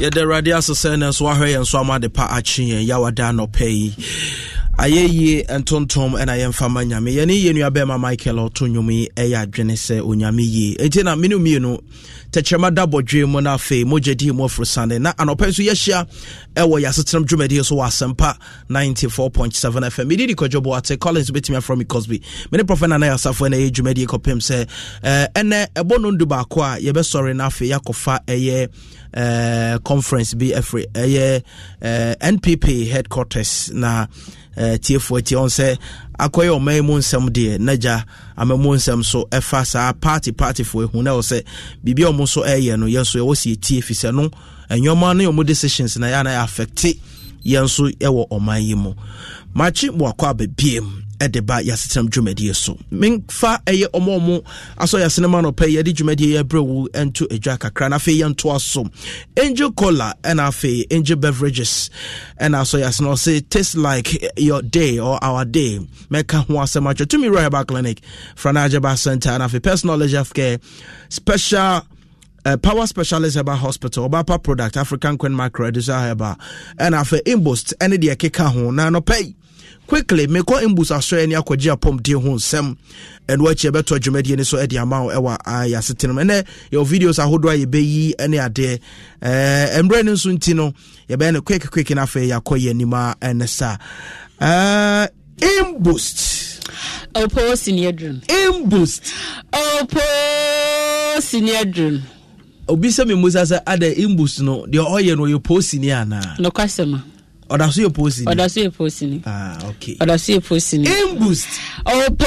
yɛde awurade asesɛ ne nso wahwɛ yɛn nso ama de pa akye yɛn yɛawada anɔpɛ yi ayɛ yie ntontom ɛna yɛmfa ma nyame yɛne yie nuabɛma michael ɔto nnwom yi ɛyɛ adwene sɛ onyame yie ɛnti na mene mmienu tɛkyerɛma da bɔdwee mu no afei mogya dii mu aforosane na anɔpɛ nso yɛhyia ɛwɔ yɛasetenam dwumadie so wɔ asɛmpa 94.7 fm mede di ate collins wobɛtumi afrɛ me cosby mene prɔfɛ nana yɛasafoɔ na ɛyɛ dwumadie kɔpem sɛ ɛnɛ ɛbɔ no ndu baako a yɛbɛsɔre no afei yɛakɔfa ɛyɛ conference bi ɛfiri ɛyɛ npp headquarters na tiefoɔ tie ɔn sɛ akɔyɛ ɔma yi mu nsɛm deɛ n'agya ama mu nsɛm so ɛfa saa party partyfoɔ ehu na ɔsɛ biribi a wɔn nso ɛɛyɛ no yɛn nso yɛwɔ si etie fi sɛ no ɛnyɔma ne wɔn decisions na yɛn anan yɛ affecte yɛn nso ɛwɔ ɔman yi mu makye mu akɔ abɛbiem ɛde ba yɛasetram dwumadie so memfa ɛyɛ ɔma ɔmo asɔ yɛasenema nɔpɛ yɛde dwumadie yɛ berɛ wo nto adwa kakra na afei yɛntoa so angel cola ɛna afei angel beverages ɛna asɔ yɛasena ɔse taste like your day or our day mɛka ho asɛm To tumi royal bar clinic frana agyaba center and afei personal leisure care special uh, Power Specialist Herbal Hospital, Obapa Product, African Queen Macro, Desire Herbal, and after Imbost, any the Keka Ho, Nano Pay. quickly mekɔ imbus asɔre ne akɔgye apɔmden ho nsɛm ɛno akyi ɛbɛtɔ dwumadie no so de ama eh, wo ɛwɔ yɛasetene mu ɛnɛ yɛwɔ videos ahodoɔ a yɛbɛyi ne adeɛ mmerɛ no nso nti no yɛbɛyɛ no quick quick no afei yɛakɔ yɛ anim a ɛne saa eh, imboost opo senior dream opo senior dream obi sɛ me musa sɛ ada imboost no deɛ ɔyɛ no ɔyɛ po senior anaa nokwasɛm ɔda so posi ni ɔda so posi ni ah okay ɔda so posi ni aim boost opo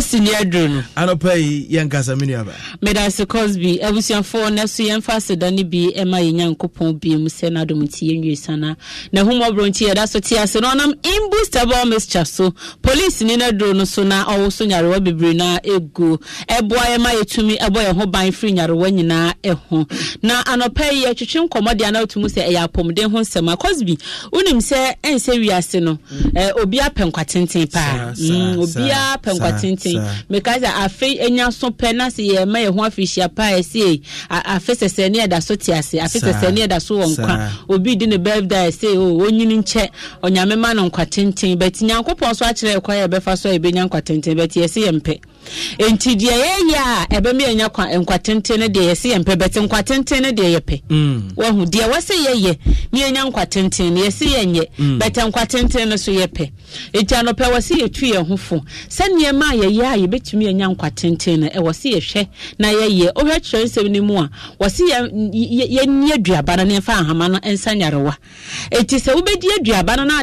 cosby ni aduro no. anɔpa yi yɛn nkasa mi nuaba. medase cosby abusuafoɔ nɛso yɛn fa aseda dani bi ɛma yɛn nyankopɔn bi mu sɛ n'adom ti yɛn nwie sana na ɛho mɔborɔ nti yɛda so te ase na ɔnam imbustable mixture so polisi ni n'aduro no so na ɔwɔ so nyarewa bebree na egu ɛboa yɛn ma yɛtumi ɛbɔ yɛn ho ban firi nyarewa nyinaa ɛho na anɔpa yi yɛtwitwi nkɔmɔ deɛ anaw tum sɛ ɛyɛ apɔmuden ho nsɛm a cosby wonim sɛ ɛnsɛ wiase no ɛɛ mm. obi apɛ nkwa tenten paa mm, obi apɛ nkwa tenten afei meka sɛ afei anya so pɛ na sɛ yɛma yɛ ho afihyia paa ɛse afe sɛsɛ ne ɛda so te ase afe sɛsɛ ne ɛda so wɔ nkwa obi di ne birthday ɛse o ɔnyini nkyɛ ɔnyame ma no nkwa tenten bɛti nyankopɔn so akyerɛ ɛkwa yɛ ɛbɛfa so a yɛbɛnya nkwa tenten bɛti yɛse yɛmpɛ nti deɛ yɛyɛ a ɛbɛmi yɛnya nkwatenten no deɛ yɛsi yɛn pɛ bɛti nkwatenten no deɛ yɛpɛ mm. wɔhu deɛ wɔsi yɛyɛ mi yɛnya nkwatenten no yɛsi yɛn yɛ mm. bɛtɛ nkwatenten no so yɛpɛ eti anɔpɛ wɔsi yɛtu yɛn ho fo sɛ nneɛma a yɛyɛ a yɛbɛtumi yɛnya nkwatenten no ɛwɔ si yɛhwɛ na yɛyɛ ohwɛ kyerɛ nsɛm no mu a wɔsi yɛni aduaba no nfa ahama no nsa nyarewa eti na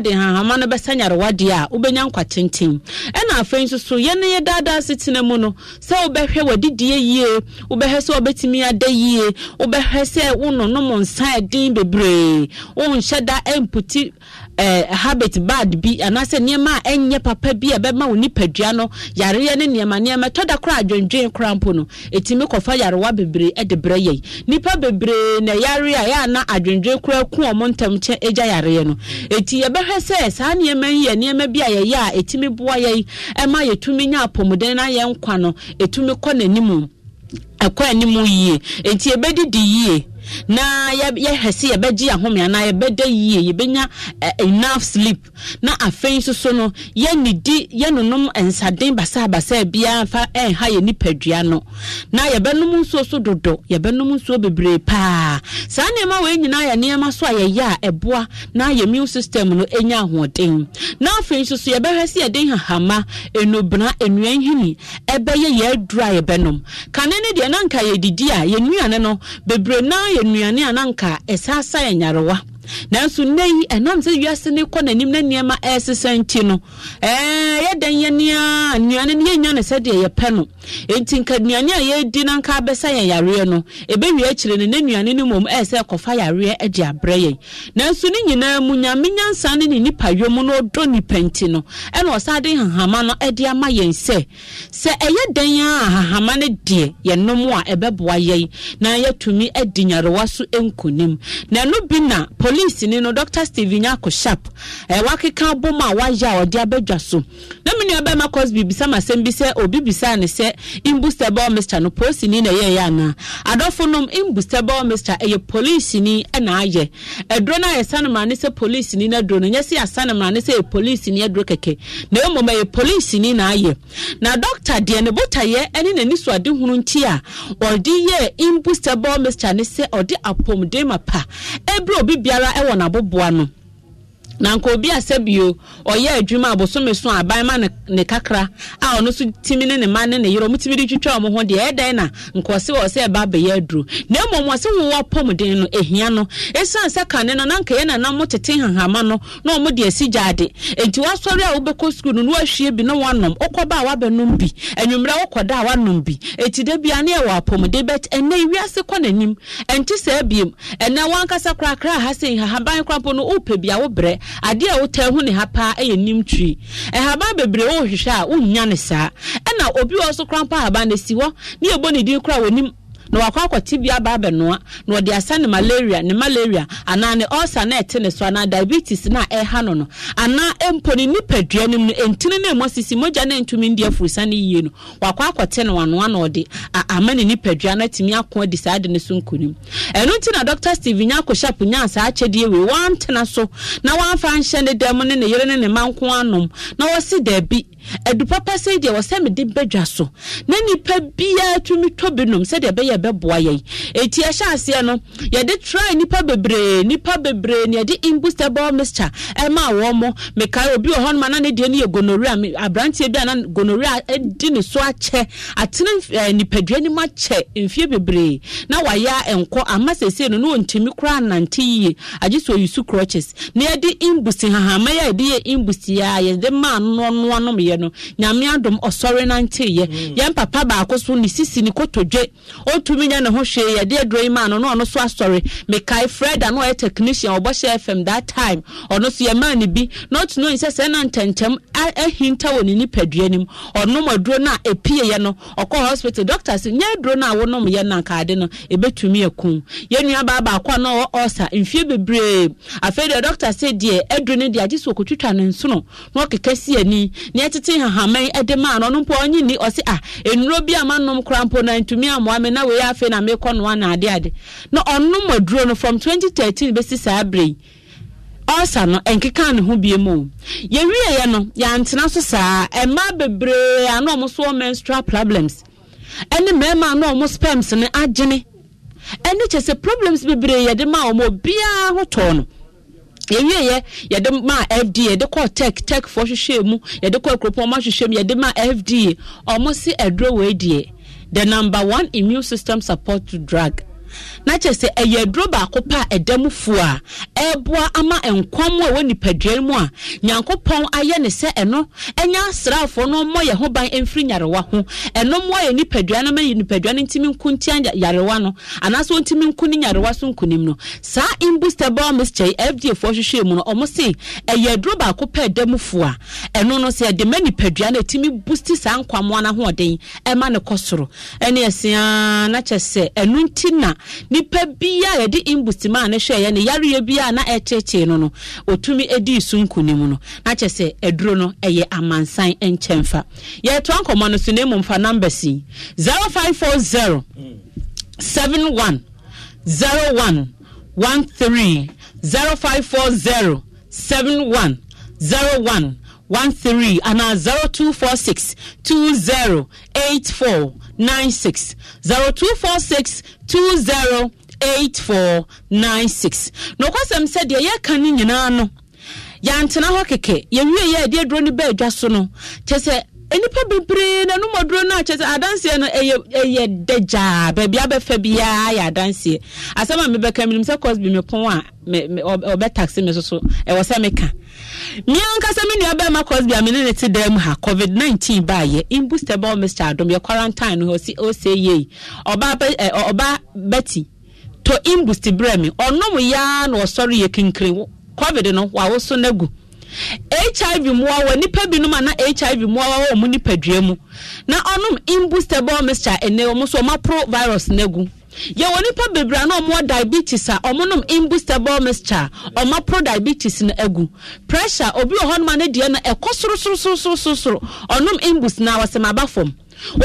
ade tena mu no sɛ wobɛhwɛ wadidie yie wobɛhwɛ sɛ wobɛtumi ada yie wobɛhwɛ sɛ wononom nsa ɛden bebree wonhyɛ da mputi ɛɛ eh, habit bad bi anaasɛ nneɛma a ɛnyɛ papa bi a bɛma wo nipadua no yareɛ ne nneɛma nneɛma ɛtɔ da adwendwen koraa mpo no ɛtumi kɔfa yarewa bebree ɛde brɛ yɛi nipa bebree na yare a yɛa na adwendwen koraa ku ɔmo ntam kyɛ ɛgya yareɛ no ɛti yɛbɛhwɛ sɛ saa nneɛma yi yɛ nneɛma bi a yɛyɛ a ɛtumi boa yɛi ɛma yɛtumi nya apɔmuden na yɛn nkwa no ɛtumi kɔ n'anim ɛkɔ anim yie ɛti ɛbɛdidi yie na yɛhwɛ sɛ yɛbɛgye ahome anaa yɛbɛda yie yɛbɛnya enough sleep na afei nso so no yɛnidi yɛnonom nsaden basabasa biara mfa ɛnha yɛ nipadua no na yɛbɛnom nsuo so dodo yɛbɛnom nsuo bebree paa saa nneɛma wei nyinaa yɛ nneɛma so a yɛyɛ a ɛboa na yɛ immune system no ɛnya ahoɔden na afei nso so yɛbɛhwɛ sɛ yɛden hahama enubena enua nhini ɛbɛyɛ yɛ aduru a yɛbɛnom kane ne deɛ na nka yɛdidi a yɛn nnuane no bebree naa yɛ nnuane a na anka ɛsaasa yɛ nyarewa nanso nne yi ɛnam sɛ wiase ne kɔ n'anim na nneɛma ɛresesa nti no ɛɛ yɛdan yɛ nea nnuane no yɛnya no sɛdeɛ yɛpɛ no nti nka nnuane a yɛredi na nka abɛsa yɛn yareɛ no ɛbɛwie akyire no ne nnuane no mmom ɛyɛ sɛ ɛkɔfa yareɛ de abrɛ yɛn nanso ne nyinaa mu nyame nyansa ne ne nipa yom no ɔdɔ nipa nti no ɛna ɔsan hahama no de ama yɛn sɛ sɛ ɛyɛ dan a hahama no deɛ yɛnom a ɛbɛboa yɛn na yɛtumi di nyarewa so nkonim na ɛno bi na poli Police ni no dr stephen yako sharp ẹ wakeka bom a wayɛ a ɔde abɛdwa so na mu nua bɛrima cosby bisa ma asɛm bi sɛ obi bisa imbustable mr no police ni na ɛyɛ yɛ anaa adɔfo nom imbustable mr ɛyɛ polisi ni ɛna ayɛ ɛduro no a yɛsa no mmerane sɛ polisi ni na duro no nyɛ sɛ yɛasa no mmerane sɛ yɛ polisi ni ɛduro kɛkɛ na mmom ɛyɛ polisi ni na ayɛ na dɔkta deɛ ne botaeɛ ɛne n'ani so adehunu nti a ɔde yɛ imbustable mr ne sɛ ɔde apɔmudema pa ɛbrɛ obi biara biara wɔ n'aboboa no na nke obi a sɛbio ɔyɛ adwuma a so a aban ma ne kakra a ɔno nso timi ne ne ma ne ne yere ɔmo timi de twitwa ɔmo ho deɛ ɛdan na nka ɔsi wɔ ɔsɛ ɛba abɛyɛ aduro na mmom ɔsi wɔn wɔ den no ehia no esiane sɛ kane no tete hahama no na ɔmo esi gyaade eti wasɔre a wobɛkɔ sukuu no na wahwie bi na wanom a bi enwumere okɔ a wanom bi eti de a ha sɛ nhahaban adeɛ a wotaa hu ne ha paa yɛ nim twi ɛhaban bebree wɔrehwehwɛ a wonnya ne saa ɛna obi wɔ so korampa ahaban na esi hɔ ne yɛbɔ ne din koraa wɔnim na wakɔ akɔte bi aba abɛnoa na ɔde asa ne malaria ne malaria anaa ne na ɛte ne so anaa diabetes na ɛha no no anaa mpo ne nipadua no mu na ɛmɔ sisi mogya na ntumi ndi afurusa yie no wakɔ wanoa na ɔde ama saa de ne so na dr steve nya akɔhyɛpo nya saa akyɛdeɛ wei so na nhyɛ ne dɛm ne ne yere ne ne ma nko adupapa sɛi deɛ wɔsɛ mede bɛdwa so na nnipa biara tumi tɔ binom sɛdeɛ ɛbɛyɛ bɛboa yɛn eti ɛhyɛ aseɛ no yɛde trae nipa bebree nipa bebree na yɛde imbustable mixture ɛma wɔ mo mekae obi wɔ hɔnom ana ne deɛ no yɛ gonorrhea aberanteɛ bi ana gonorrhea di ne so akyɛ atene eh, nipadua no mu akyɛ mfie bebree na wayɛ nkɔ ama sɛsei no na ɔntumi koraa nante yie agye sɛ ɔyi so crutches na yɛde imbusi hahama yɛ a yɛde yɛ imbusi a yɛde ma noɔnoa nom yɛ yɛ no nyame adom ɔsɔre nanteeɛ mm. yɛn papa baako so ne sisi ne kotodwe ɔtumi nyɛ ne ho hwee yɛde aduro yi maa no na ɔno so asɔre mekae fred a na ɔyɛ technician ɔbɔhyɛ fm that time ɔno so yɛmaa ne bi na ɔtumi sɛ sɛ na ntɛntɛm ahinta wɔ ne nipadua nim ɔnom aduro na epie ɛpieyɛ no ɔkɔ hospital doctor si nyɛ aduro na a wonom yɛ nankaade no ɛbɛtumi akum yɛnnua baa baako a na ɔwɔ ɔsa mfie bebree afei deɛ doctor sɛ deɛ aduro no deɛ agye sɛ ɔkɔtwitwa ne nsono na ɔkeka si ani ne ɛtete ate hahaman de maa no ɔno mpo ɔnye ni ɔse a ah, nnuro bi a manom kora mpo na ntumi amoa me na wei afei na mekɔ noa na ade ade na ɔnom aduro no from 2013 bɛsi saa berɛ yi ɔsa no nkeka ne ho bie mu yɛwieɛ no yɛantena so saa mmaa bebree a na ɔmo so wɔ menstrual problems ɛne mmarima a na ɔmo sperms no agyene ɛne kyɛ sɛ problems bebree yɛde ma ɔmo obiara ho tɔɔ no yɛwie yɛ yɛde ma fda yɛde kɔ tech Tech techfoɔ hwehwɛ mu yɛde kɔ kuropɔn ɔmo ahwehwɛ mu yɛde ma fda ɔmo si aduro wei deɛ the number one immune system support drug na kyerɛ sɛ ɛyɛ aduro baako pa a a ɛreboa ama nkɔm a ɛwɔ nipadua mu a nyankopɔn ayɛ ne sɛ ɛno ɛnyɛ asraafoɔ no mmɔ yɛn ho ban mfiri nyarewa ho ɛno mo yɛ nipadua no ma yɛ nipadua no ntumi nko ntia yarewa no anaasɛ ɔntumi nko ne nyarewa so nkonim no saa imbuster bowel mixture yi fda foɔ hwehwɛ mu no ɔmo se ɛyɛ aduro baako pa ɛda mu fuo a ɛno no sɛ ɛde ma nipadua no ɛtumi boost saa nkwamoa no ahoɔden ɛma ne kɔ soro ɛne ɛsia na sɛ ɛno nti na nipa biara yɛde imbus maa ne hwɛ yɛ ne yareɛ biara na ɛkyekyee no no wɔtumi di so nkunim no na kyɛ sɛ aduro no ɛyɛ amansan nkyɛnfa yɛtoa nkɔmmɔ no so zero mmom fa number si 0540 71 01 13 0540 71 01 one three ana zero two four six two zero eight four nine six zero two four six two zero eight four nine six na ɔkɔsɛm sɛ deɛ yɛka no nyinaa no yɛantena hɔ kɛkɛ yɛwie yɛ ade aduro no bɛɛ adwa so no kyɛ sɛ nipa bebree na anum aduro no akyɛ sɛ adanseɛ no ɛyɛ ɛyɛ dɛgyaa baabi abɛfa biara yɛ adanseɛ asɛm a mebɛka menim sɛ cosby me pon a ɔbɛtaxe me soso ɛwɔ sɛ meka mea nkasa me nua bɛma cosby a mene ne te daa mu ha covid-19 baayɛ imbustable mr adom yɛ quarantine no hɔ ɔsɛ yei ɔba bɛti to imbust berɛ me ɔnom yaa na ɔsɔre yɛ kinkiri covid no wawoso no agu hiv mmoa wɔ nnipa binom a na hiv mmoa wɔ wɔn nipadua mu na ɔnom imbustable mixture ɛnɛ wɔn nso wɔn aporo virus n'egu yɛwɔ nipa bebree a na wɔwɔ diabetes a wɔnom imbustable mixture wɔn aporo diabetes no pressure obi wɔ hɔnom a ne deɛ no ɛkɔ soro soro soro soro soro ɔnom imbus na wɔsɛm aba fam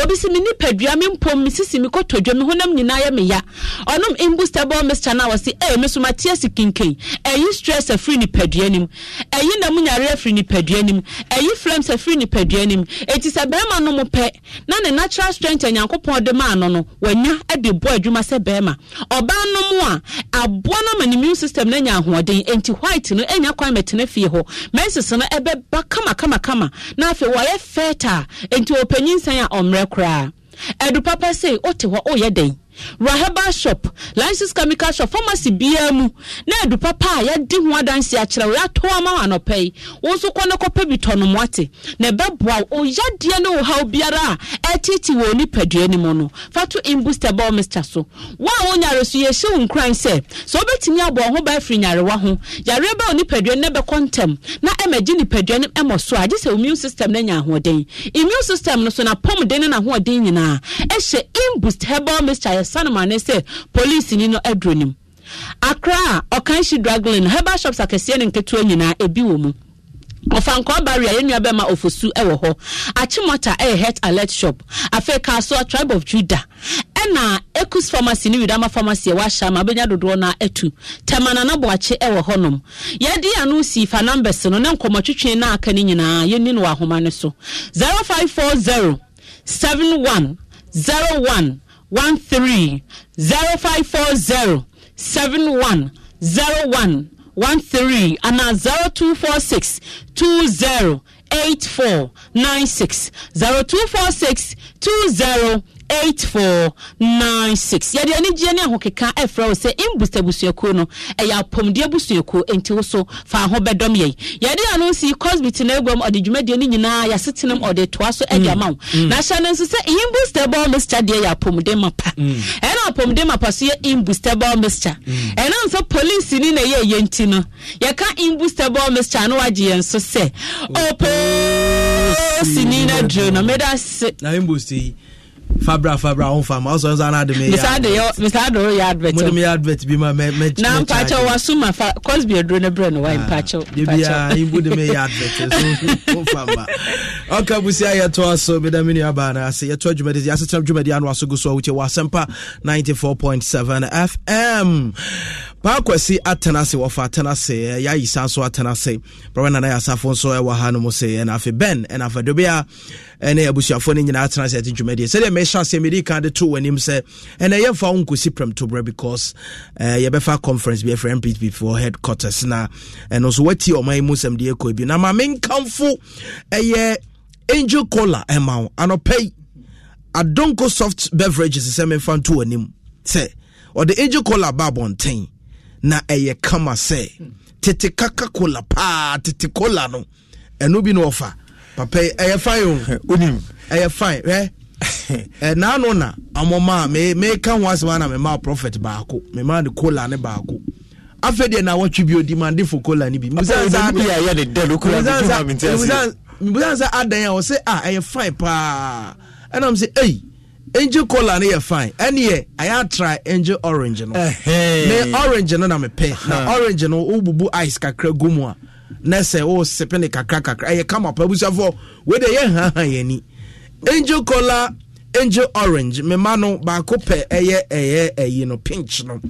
obi si mi ni padua mi mpom mi sisi mi kɔ todwa mi honam nyinaa yɛ mi ya ɔnom imbustable mixture na wɔsi ɛyɛ mi so ma tie si kinkin ɛyi stress afiri ni padua nim ɛyi nam nyare afiri ni padua nim ɛyi flames afiri ni padua nim eti sɛ bɛrima no mo pɛ na ne natural strength ɛnyankopɔn de maa ano no wanya ɛde bɔ adwuma sɛ bɛrima ɔbaa no mu a aboa no ama ne immune system na nya ahoɔden enti white no ɛnya kwan mɛtena fie hɔ mensis no ɛbɛba kama kama kama na afei wɔyɛ fertile enti ɔpanyin sɛn ɔmmerɛ koraa ɛdu papa sei wote hɔ woyɛ dɛn raheba shop license chemical shop pharmacy biara mu na edu papa a yɛde ho adansi akyerɛ wo yɛato ama wo anɔpɛ yi wo nso kɔ no kɔpɛ bi tɔ nomoate na ɛbɛboa wo ɔyadeɛ ne wo haw biara a ɛtete wɔ nipadua no mu no fa to imbooster bɔ mista so wo a wo nyare so yɛhyɛ wo nkuran sɛ sɛ wobɛtumi abɔ wo ho ba afiri nyarewa ho yareɛ bɛ wo nipadua no bɛkɔ ntɛm na ɛmagye nipadua no ɛmɔ so a gye sɛ immune system no anya ahoɔden immune system no so na ne nahoɔden nyinaa ɛhyɛ ɛsanoma ne sɛ polisini no aduro nim akra a ɔkan hyi draglin herbal shops akɛseɛ ne nketewa nyinaa ebi wɔ mu ɔfankoa barrier yɛn nua bɛma ofosu ɛwɔ hɔ akyimɔta ɛyɛ health alert shop afei kaasoa tribe of juda ɛna ekus pharmacy ne widama pharmacy ɛwɔ ahyɛ ma abɛnya dodoɔ na ɛtu tɛmanana boakye ɛwɔ hɔnom yɛde ano si fa numbers no ne nkɔmɔtwitwi na aka ne nyinaa yɛni no wɔ ahoma no so zero five four zero seven one zero one. one three zero five four zero seven one zero one one three and now zero two four six two zero eight four nine six zero two four six two zero 8496 yɛde anigyeɛ ne ahokeka ɛfrɛ wo sɛ imboost abusuakuo no ɛyɛ apɔmdeɛ abusuakuo enti wo so fa ho bɛdɔm yɛn yɛde ano si cosby tenaguam ɔde dwumadie no nyinaa yɛasetenam ɔde toa so adi mm. ama wo mm. na hyɛ no nso sɛ imbustable mixture deɛ yɛ apɔmden mapa mm. ɛna apɔmden mapa so yɛ imbustable mixture ɛna nso polisi ni na ɛyɛ ɛyɛ nti no yɛka imbustable mixture no wagye yɛn so sɛ ɔpɛɛ sini na duro no meda se na imbust fabra fabra ɔn fam ɔsɔ ɔsɔ ana de mi yɛ advert mr adoro yɛ advert mo de mi yɛ advert bi ma mɛ mɛ na mpakyɛ wa suma fa cosby eduro ne brɛ no wa mpakyɛ mpakyɛ ebi ya ibu de mi advert eh, so ɔn fam ba ɔka busia yɛ to aso bi dami ni aba na ase yɛ to dwumadi yɛ asetena dwumadi ano aso gu so ɔwukyɛ wa asɛmpa ninety four point seven fm paakwasi atena ase wɔfa atena ase eh, yɛ ayisa nso na ase brɛ wɔn nana yɛ asafo nso ɛwɔ eh, ha nom se ben ɛna fe dobi ɛne abusuafoɔ no nyinaa tena sɛ ɛte dwumadeɛ sɛdeɛ mehyɛ aseɛ mede ka de to w'anim sɛ ɛnɛ yɛmfa wo nkɔsi prɛmtoberɛ because uh, yɛbɛfa conference bi ɛfrɛ mpp before headquarters na ɛno nso woatie ɔman mu sɛm deɛ bi na ma menkamfo ɛyɛ angel cola ɛma wo anɔpɛi adonko soft beverages sɛ memfa nto w'anim sɛ ɔde angel cola ba na ɛyɛ kama sɛ tete kaka cola paa tete cola no ɛno bi na ɔfa papa ɛyɛ fine o wonim ɛyɛ fine hɛ ɛnaano na amɔma a meka ho ana mema prophet baako mema ne kola ne baako afei deɛ na wɔtwe bi odi mande fo kola ne bi musan sɛ adan a wɔsɛ a ah, ɛyɛ fine paa ɛnam sɛ ei angel cola no yɛ fine yɛ ayɛ orange no orange no na na orange no ice kakra gu mu a na sɛ wosepe oh, ne kakra ɛyɛ kama pa abusuafoɔ wede yɛ haha yɛni angel cola angel orange mema no baako pɛ ɛyɛ ɛyɛ ɛyi no pinch no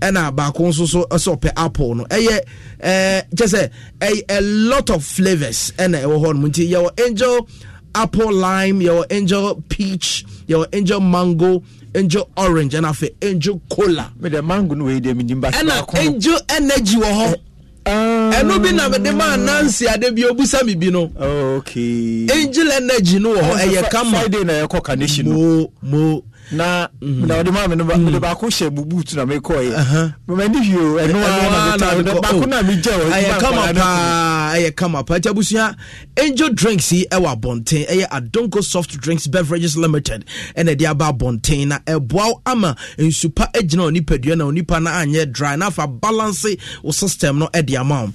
ɛna baako nso so ɛsɛ ɔpɛ apple no ɛyɛ ɛɛ kyɛ sɛ ɛyɛ a lot of flavours ɛna ɛwɔ hɔ nom nti yɛwɔ angel apple lime yɛwɔ angel peach yɛwɔ angel mango angel orange ɛna afɛ angel cola. mi dɛ mango no wei de mi ni angel energy wɔ ɛno bi na mede maa nansi ade bi obusa mi bi no oh, angel energy no wɔ hɔ oh, ɛyɛ kama mo mo na mhm. na ɔde maa mi no mede mhm. baako hyɛ bubuutu na mekɔɛ mamani hwio ɛnoa baako na megya ɛyɛ kama paa ɛyɛ kama paa nti abusua angel drinks yi ɛwɔ abɔnten ɛyɛ adonko soft drinks beverages limited ɛna ɛde aba abɔnten na ɛboa ama nsupa gyina onipadua na onipa na anyɛ dry na afa balance wo system no ɛde ama wo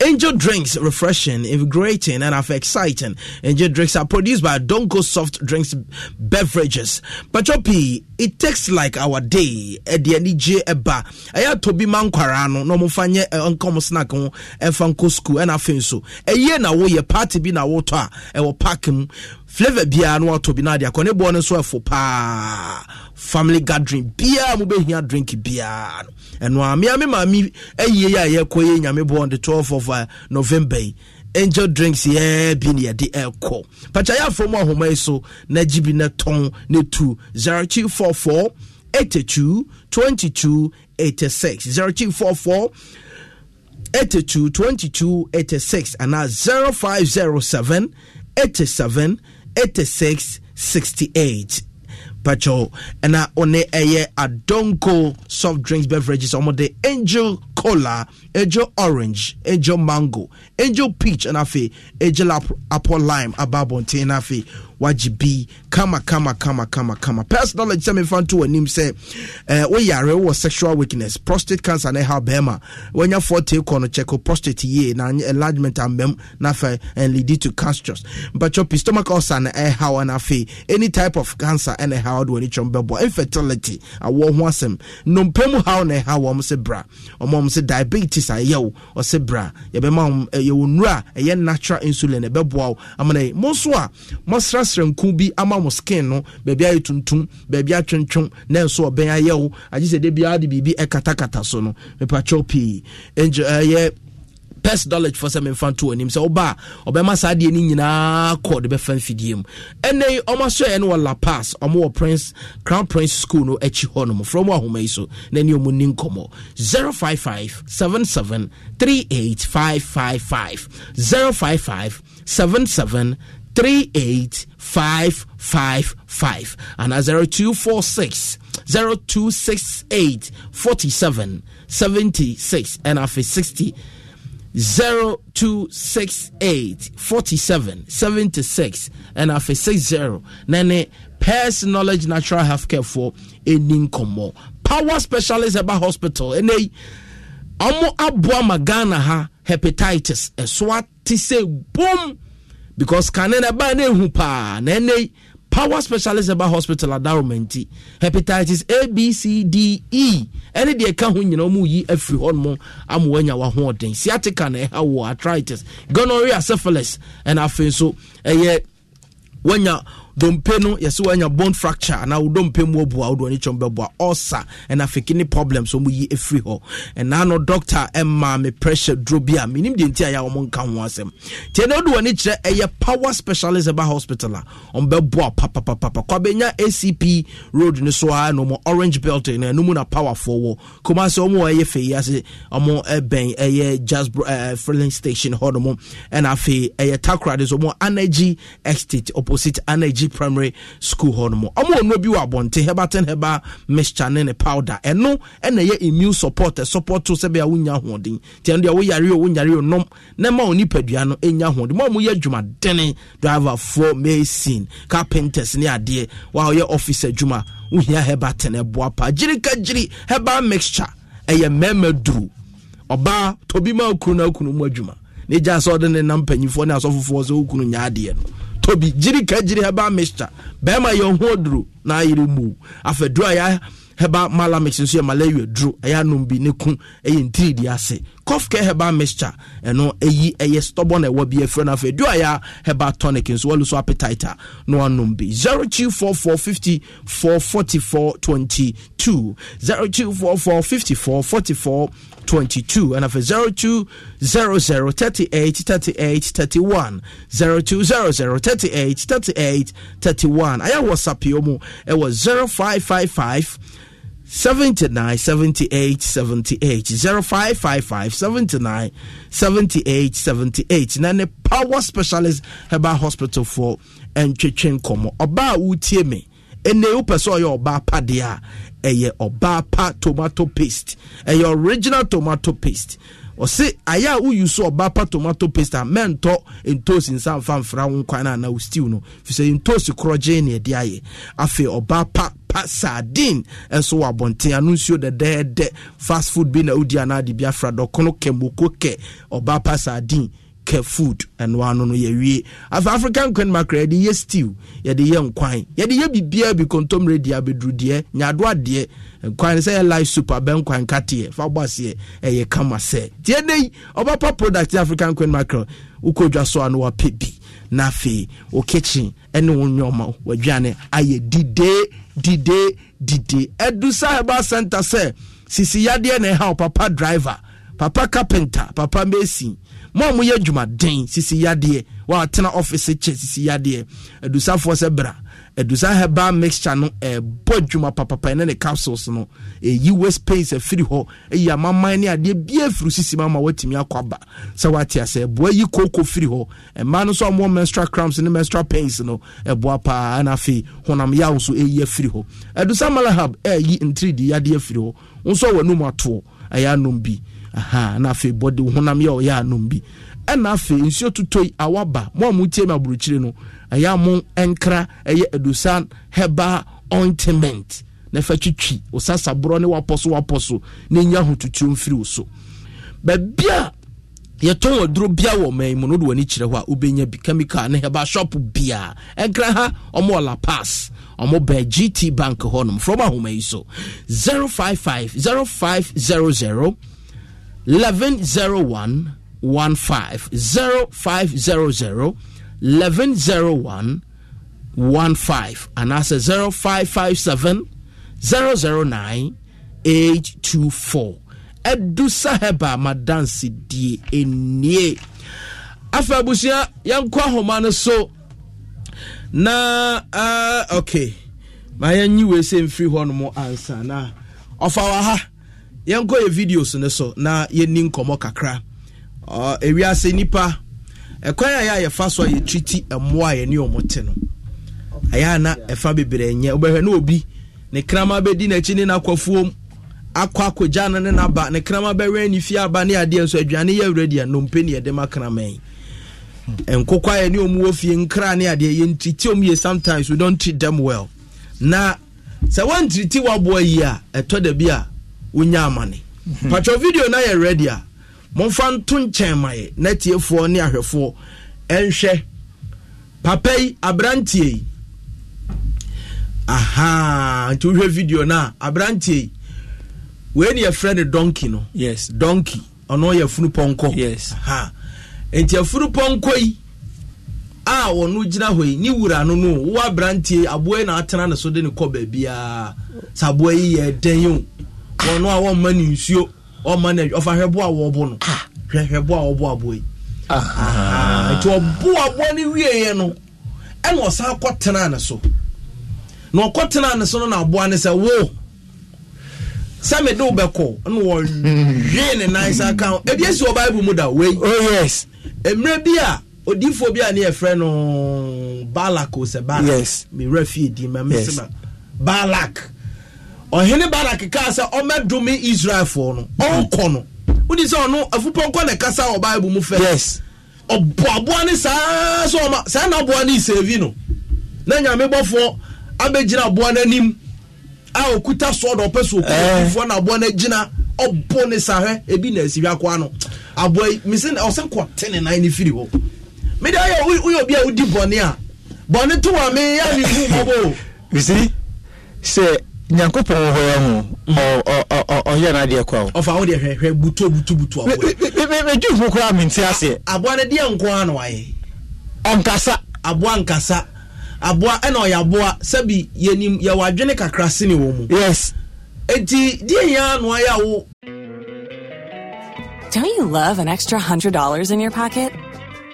Angel drinks, refreshing, invigorating, and have exciting. Angel drinks are produced by Donko Soft Drinks Beverages. Pachopi, it tastes like our day. Edi ani je eba. Aya tobi mankwarano. No mufanye eh, unkomo snack on efanko school and afenso. Eye na wo ye party bi na water. Ewo eh, park Flavour biara no atɔ bi na adeɛ akɔ ne boɔ no nso ɛfo paa family gathering biara mu bɛhia drink biara no ɛno a mea me maame ayie yɛ a yɛkɔ yɛ nyame boɔ de 12 of uh, november yi angel drinks yɛ bi ne yɛde ɛkɔ pakya yɛ afɔ mu ahoma yi so na gyi bi na tɔn ne tu 0244 82 22 86 0244 82 22 86 anaa 0507 87 86 68 pacho ɛna ɔne ɛyɛ adonko soft drinks beverages the angel cola angel orange angel mango angel peach and I feel angel apple lime aba abɔnten na afei wagye kama kama kama kama kama personal sɛ mefa nto w'anim sɛ eh, woyare wowɔ sexual weakness prostate cancer na ɛha bɛrima wanya forte kɔ no kyɛko prostate yie na enlargement ambam na afei and lead to castures But pi stomach ulcer na ɛhaw na afei any type of cancer ɛna ɛhaw de w'ani twɛm Boy, infertility awoɔ ho asɛm nnompa mu haw and ɛhaw wɔm sɛ bra ɔma wɔm sɛ diabetes a ɛyɛ wo ɔsɛ bra yɛbɛma wɔm yɛwɔ nnuro a ɛyɛ natural insulin ɛbɛboa wo amana mo nso a asrenku bi ama wɔn skin no baabi ayɛ tuntum baabi atwentwem na nso ɔbɛn ayɛ wo agye sɛ de biara de biribi ɛkatakata so no mepakyɛw pii ɛnjɛ ɛyɛ. Uh, pes dollage fɔ sɛ memfa nto anim sɛ woba a ɔbɛma saa deɛ no nyinaa kɔ de bɛfa mfidie mu ɛnɛ ɔma sɔɛ no wɔ la pass ɔmo wɔ prince crown prince school no akyi hɔ nom frɛ mu ahoma yi so na ne ɔmu ni five zero five five seven seven 38555 and a 0246 0268 47 76 and after 60 0268 and after 60 nene pers knowledge natural healthcare for any komo power specialist about hospital any ɔmo aboa ma ghana ha hepatitis ɛso ate sɛ bom because kane na ɛbaa no ehu paa na ɛnɛ power specialist ɛba hospital adaroma nti hepatitis a b c d e ɛne deɛ ɛka ho nyinaa ɔmo yi afiri hɔ nom ama wɔanya wɔahoɔden sciatica na ɛha wɔ arthritis gonorrhea syphilis ɛna afei nso ɛyɛ wɔanya dompe no yɛsɛ woanya bone fracture anaa wo dompe mu abua wode ɔne kyɛm bɛboa ɔsa ɛna afeki ne problem so ɔmoyi ɛfiri hɔ ɛnaa no doctor ɛmaa me pressure duro bi a menim deɛ nti a yɛ a ɔmo nka ho asɛm nti ɛne wode wɔne kyerɛ ɛyɛ power specialist ɛba hospital a ɔmbɛboa papapapapa kwabɛnya acp road ne so a ɛno mu orange belt no ɛno mu na powerfoɔ wɔ kɔma sɛ ɔmo ɛyɛ fɛ yi ase ɔmo ɛbɛn ɛyɛ jazz ɛɛ filling station hɔ nom ɛna afei ɛyɛ takra so ɔmo energy estate opposite energy Primary School hɔ no mu ɔmo ɔno bi wɔ abɔnten hebaten heba mixture ne ne powder ɛno ɛna yɛ immune support ɛsupport to sɛbi a wonya ahoɔden tia no o wonyare o nom na ma onipadua no enya ahoɔden mo a mo yɛ adwumadene driverfoɔ mason carpenters ne adeɛ wa ɔyɛ office adwuma wohia ɛboa paa gyiri mixture ɛyɛ duro ɔbaa tobi ma na okunu mu adwuma ne gya sɛ ɔde ne nam ne tɔ bi gyiri ka gyiri heba mixture bɛrima yɛn ho duro na ayere mu afɛ a yɛ heba mala mix nso yɛ malaria duro ɛyɛ anum bi ne kun ɛyɛ ntiri di ase cough care heba mixture ɛno ɛyi ɛyɛ stubborn ɛwɔ bi ɛfrɛ no afɛ a yɛ heba tonic nso wɔn nso appetite a no anum bi zero two four four fifty four forty four twenty two zero two four four fifty four forty four. 22 and after 0200 38 38 31 0200 38 38 31 I have WhatsApp you mo it was 0555 79 78 78 0555 79 78 78 na ne power specialist herbal hospital for ntwetwe nkɔmmɔ ɔbaa wotie me ɛnɛ wopɛ sɛ ɔyɛ ɔbaa padeɛ a ɛyɛ ɔbaa pa tomato paste ɛyɛ original tomato paste ɔsi ayé a woyi so ɔbaa pa tomato paste a mɛntɔ ntoosi nsa nfa nfra ho kwan na na o stew no fisɛ ntoosi korɔ gye na yɛde ayɛ afei ɔbaa pa pa sardine nso wɔ abɔnten ano nsuo dɛdɛɛdɛ fast food bi na odi anaade bi afra dɔkono kɛ moko kɛ ɔbaa pa sardine ka food ɛnoa no no yɛwie afa african queen macra yɛde yɛ stew yɛde yɛ nkwan yɛde yɛ biribiaa bi contomre deɛ abɛduru deɛ nyaadoa deɛ nkwan no sɛ yɛ life soup abɛnkwan kateɛ fa bɔ aseɛ ɛyɛ kama sɛ tiɛ dei ɔbɛpa product african queen macra wokɔ dwa so a no wapɛ bi na afei wo kitchen ɛne wo nwɔma wadwane ayɛ dide dide dide ɛdu sahaba center sɛ sisi yadeɛ na ɛha papa driver papa carpenter papa mason mo a moyɛ adwumaden sisi yadeɛ waatena ɔfise kyɛ sisi yadeɛ adusafoɔ sɛ bra adusa herbal mixture no ɛbɔ adwuma papapa ne ne capsules no ɛyi waste pains afiri hɔ ɛyi amaman ne adeɛ bia firi sisi ma ma watumi akɔ aba sɛ wate asɛ ɛboa yi kooko firi hɔ mmaa no nso a wɔn menstrual cramps ne menstrual pains no ɛboa paa ɛna afei honam yaw nso ɛyi afiri hɔ adusa malahab ɛyi ntiridi yadeɛ afiri hɔ nso wɔ anum atoɔ ɛyɛ anum bi. aha na afei bɔde honam yɛ ɔyɛ anom bi ɛna afei nsuo awaba mo a motie no ɛyɛ nkra ɛyɛ adusan heba ointment na fa twitwi wo sasaborɔ ne na ɛnya ahotutuo mfiri wo so baabi a yɛtɔn aduro bia wɔ man mu no wode w'ani kyerɛ hɔ a wobɛnya bi chemical ne heba shop biaa ɛnkra ha ɔmo wɔ lapas ɔmo bɛɛ gt bank hɔnom frɔm ahoma yi eleven zero one one five zero five zero zero eleven zero one one five and that's zero five five seven zero zero nine eight two four. Edu sahaba madansi die enie. Afa abusua yankwa ahoma no so na uh, okay ma yɛnyi wei sɛ mfiri hɔ nom ansa na ɔfa wɔ ha yɛnkɔ yɛ videos no so na yɛni nkɔmmɔ kakra ewiase nipa ɛkwan a yɛa yɛfa so a yɛtriti mmoa a yɛne ɔmo te no ɛyɛ a ɛfa bebree nyɛ wobɛhwɛ ne obi ne krama bɛdi n'akyi ne n'akwafuom akɔ akɔgya no ne n'aba ne krama bɛwɛn ne fie aba ne adeɛ nso aduane yɛ awura deɛ nnompe ne yɛde ma krama yi nkokɔ a yɛne ɔmo wɔ fie nkra ne adeɛ yɛntriti ɔmo yɛ sometimes we don't treat them well na sɛ wɔntriti wɔaboa yi a ɛtɔ da a wonya amane mhm. patro video no yɛ ready a momfa nto nkyɛn mayɛ na tiefoɔ ne ahwɛfoɔ ɛnhwɛ papa yi aberanteɛ yi aha nti wohwɛ video no a aberanteɛ yi wei ne yɛfrɛ no donki no yes donkey ɔno yɛ funu yes nti afunu yi a ɔno gyina hɔ yi ne wura no no wo aberanteɛ aboa yi na atena ne so de ne kɔ baabiaa sɛ aboa yi yɛ dɛn yi o wọnụ a wɔmma ne nsuo ɔma no ɔfa a wɔbo no hwɛ hwɛbo a wɔbo aboɔ yi nti ɔbo aboɔ no wieeɛ no ɛna ɔsan ne so na ɔkɔtenaa ne so na aboa ne wo na wɔwe ne ebi esi mu da oh yes bi a bi a ne no balak o balak yes fie di ma balak ɔhene barak kaa sɛ ɔmɛdome israelfoɔ no ɔnkɔ no wodi sɛ ɔno afupɔnkɔ ne kasa wɔ bible mu fɛ yes ɔboaboa ne saa sɛ ɔma saa na aboa ne isevi no na nyame bɔfoɔ abɛgyina aboa no anim a ɔkuta soɔ na ɔpɛ so ɔkufoɔ na aboa no agyina ɔbo ne sahɛ ebi na asi akoa no aboa yi mesin ɔsɛ kɔte ne nan ne firi hɔ mede ayɛ woyɛ obi a wodi bɔne a bɔne to wa me yɛ me hu mɔbɔ o sɛ nyankopɔn wɔ hɔ yɛ ho mm. ɔyɛ no adeɛ kwa ɔfa ho koraa mente aseɛ aboa no deɛ nko a na ɔnkasa aboa nkasa aboa ɛna ɔyɛ aboa sɛbi yɛnim yɛwɔ adwene kakra sene wɔ mu yes enti deɛ wo Don't you love an extra $100 in your pocket?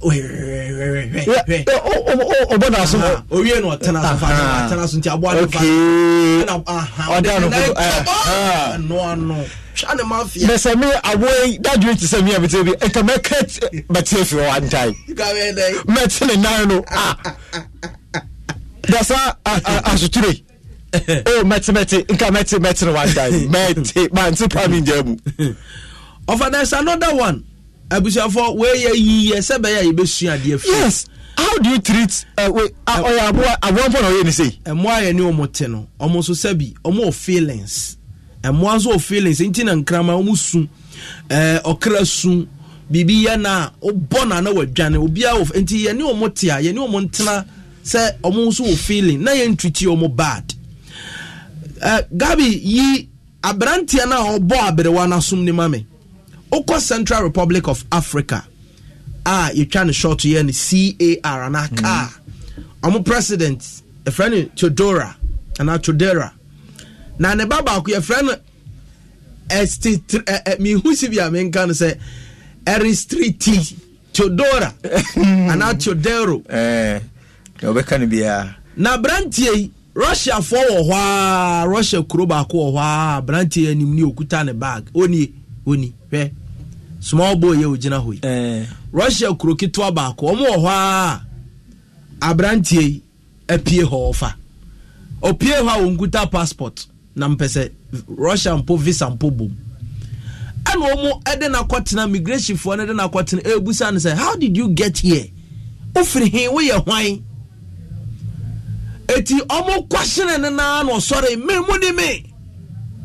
ọbọ náà sọ. owie na ọtẹn aso fa na ọtẹn aso nti abo adefa. ọdẹ anoko ẹnu ano hwani ma fi. bẹsẹ mi abo yi dadu eti sẹ mi a bẹtẹ bi ẹtẹ mẹ kẹ bẹtẹ fi wa nta yi mẹ ti ni nan no a dasa asutire o mẹti mẹti nka mẹti mẹti ni wa nta yi mẹti mẹti pa mi njẹ mu. ọ̀fadà is another one abusuafo weyɛ yiyɛ sɛ bɛyɛ a yɛbɛsua adeɛ fi. yes how do you treat ɔyɛ aboa aboa mpɔ na ɔyɛ ne se. ɛmoa eh, yɛ ne ɔmo te no ɔmo nso sɛbi ɔmo wɔ feelings ɛmoa eh, nso wɔ feelings nti na nkrama ɔmo su ɛɛ eh, ɔkra su biribi yɛ na ɔbɔ na na wadwane obiara wɔ nti yɛ ne ɔmo te a yɛ ne ɔmo ntena sɛ ɔmo nso wɔ feeling na yɛn twiti ɔmo bad ɛɛ gabi yi aberanteɛ na ɔbɔ aberewa na sum ne ma mi wokɔ central republic of africa a yɛtwa no short yɛ no car anaa mm. car ɔmo president yɛfrɛ no todora anaa todera na ne ba baako yɛfrɛ no mehu si bi a menka no sɛ eristriti todora anaa todero ɔbɛka na brantie yi russiafoɔ wɔ hɔ a russia kuro baako wɔ hɔ a brantie anim ne ɔkuta ne bag ɔnie ɔni hwɛ small boy yɛ ogyina hɔ yi eh. russia kuro ketewa baako ɔmo wɔ hɔ a aberanteɛ yi apue hɔ ɔfa ɔpue hɔ a wɔnkuta passport na mpɛ russia mpo visa mpo bom ɛna ɔmo ɛde n'akɔtena migrationfoɔ no de n'akɔtena ebusa eh, no sɛ how did you get here ofiri hin woyɛ hwan eti ɔmo kɔhyene ne nan na ɔsɔre mu de me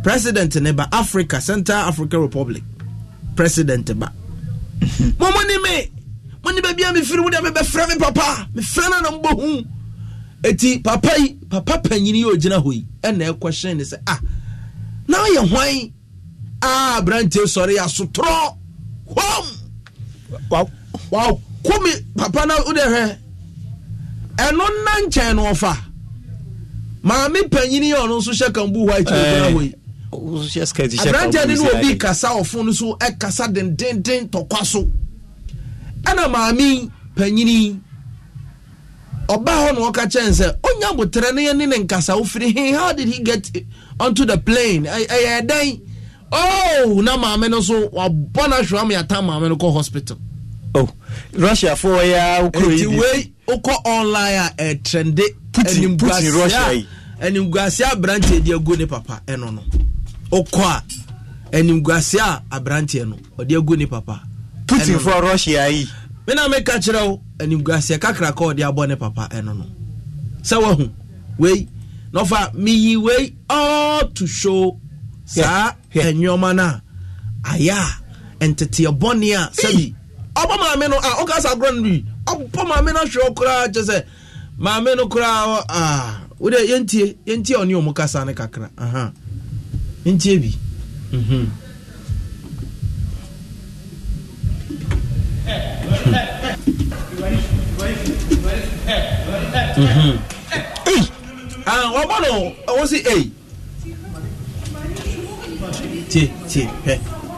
president ne ba africa central african republic. president ba mɔmɔ ni me mo ni baabi a mefiri mu deɛ mebɛfrɛ me papa mefrɛ no na mbɔhu Eti papa yi papa panyini yɛ ɔgyina hɔ yi ɛna ɛkɔhyɛn ne sɛ ah na woyɛ hwan a ah, aberanteɛ sɔre yɛ asotorɔ hom wakɔ me papa no wode hwɛ ɛno na nkyɛn no ɔfa maame panyini yɛ ɔno nso hyɛ kambu hɔ akyirɛ hɔ yi wohyɛ skirt hyɛ aberanteɛ ne ne obi kasa ɔfo no so kasa dendenden tɔkwa so ɛna maame panyini ɔbaa hɔ na ɔka kyɛn sɛ ɔnya botere ne ne ne nkasa ofiri he how did he get onto the plane ɛyɛ ɛdɛn oh na maame no so wabɔ no ahwɛ ama maame no kɔ hospital oh russia fo ya okoro yi wei okɔ online a ɛtrɛnde putin putin russia yi animguaseɛ aberanteɛ de agu ne papa ɛno no okɔ a animguase a aberanteɛ no ɔde agu ne papa putinfoɔ russia yi mena meka kyerɛ wo animguaseɛ kakra ka ɔde abɔ ne papa ɛno no sɛ wei na ɔfa meyi wei to show saa no a ayɛ a ɛnteteɛ bɔne a sɛbi ɔbɔ maame no a ɔka sa agorɔ no bi ɔbɔ maame no ahwerɛ koraa kyɛ sɛ maame no koraa wode yɛntie yɛntie ɔne ɔmu kasa ne kakra ntie bi mhm. mhm. ah, wọ́n bọ́ lọ ọwọ́ sí èyí tie tie pẹ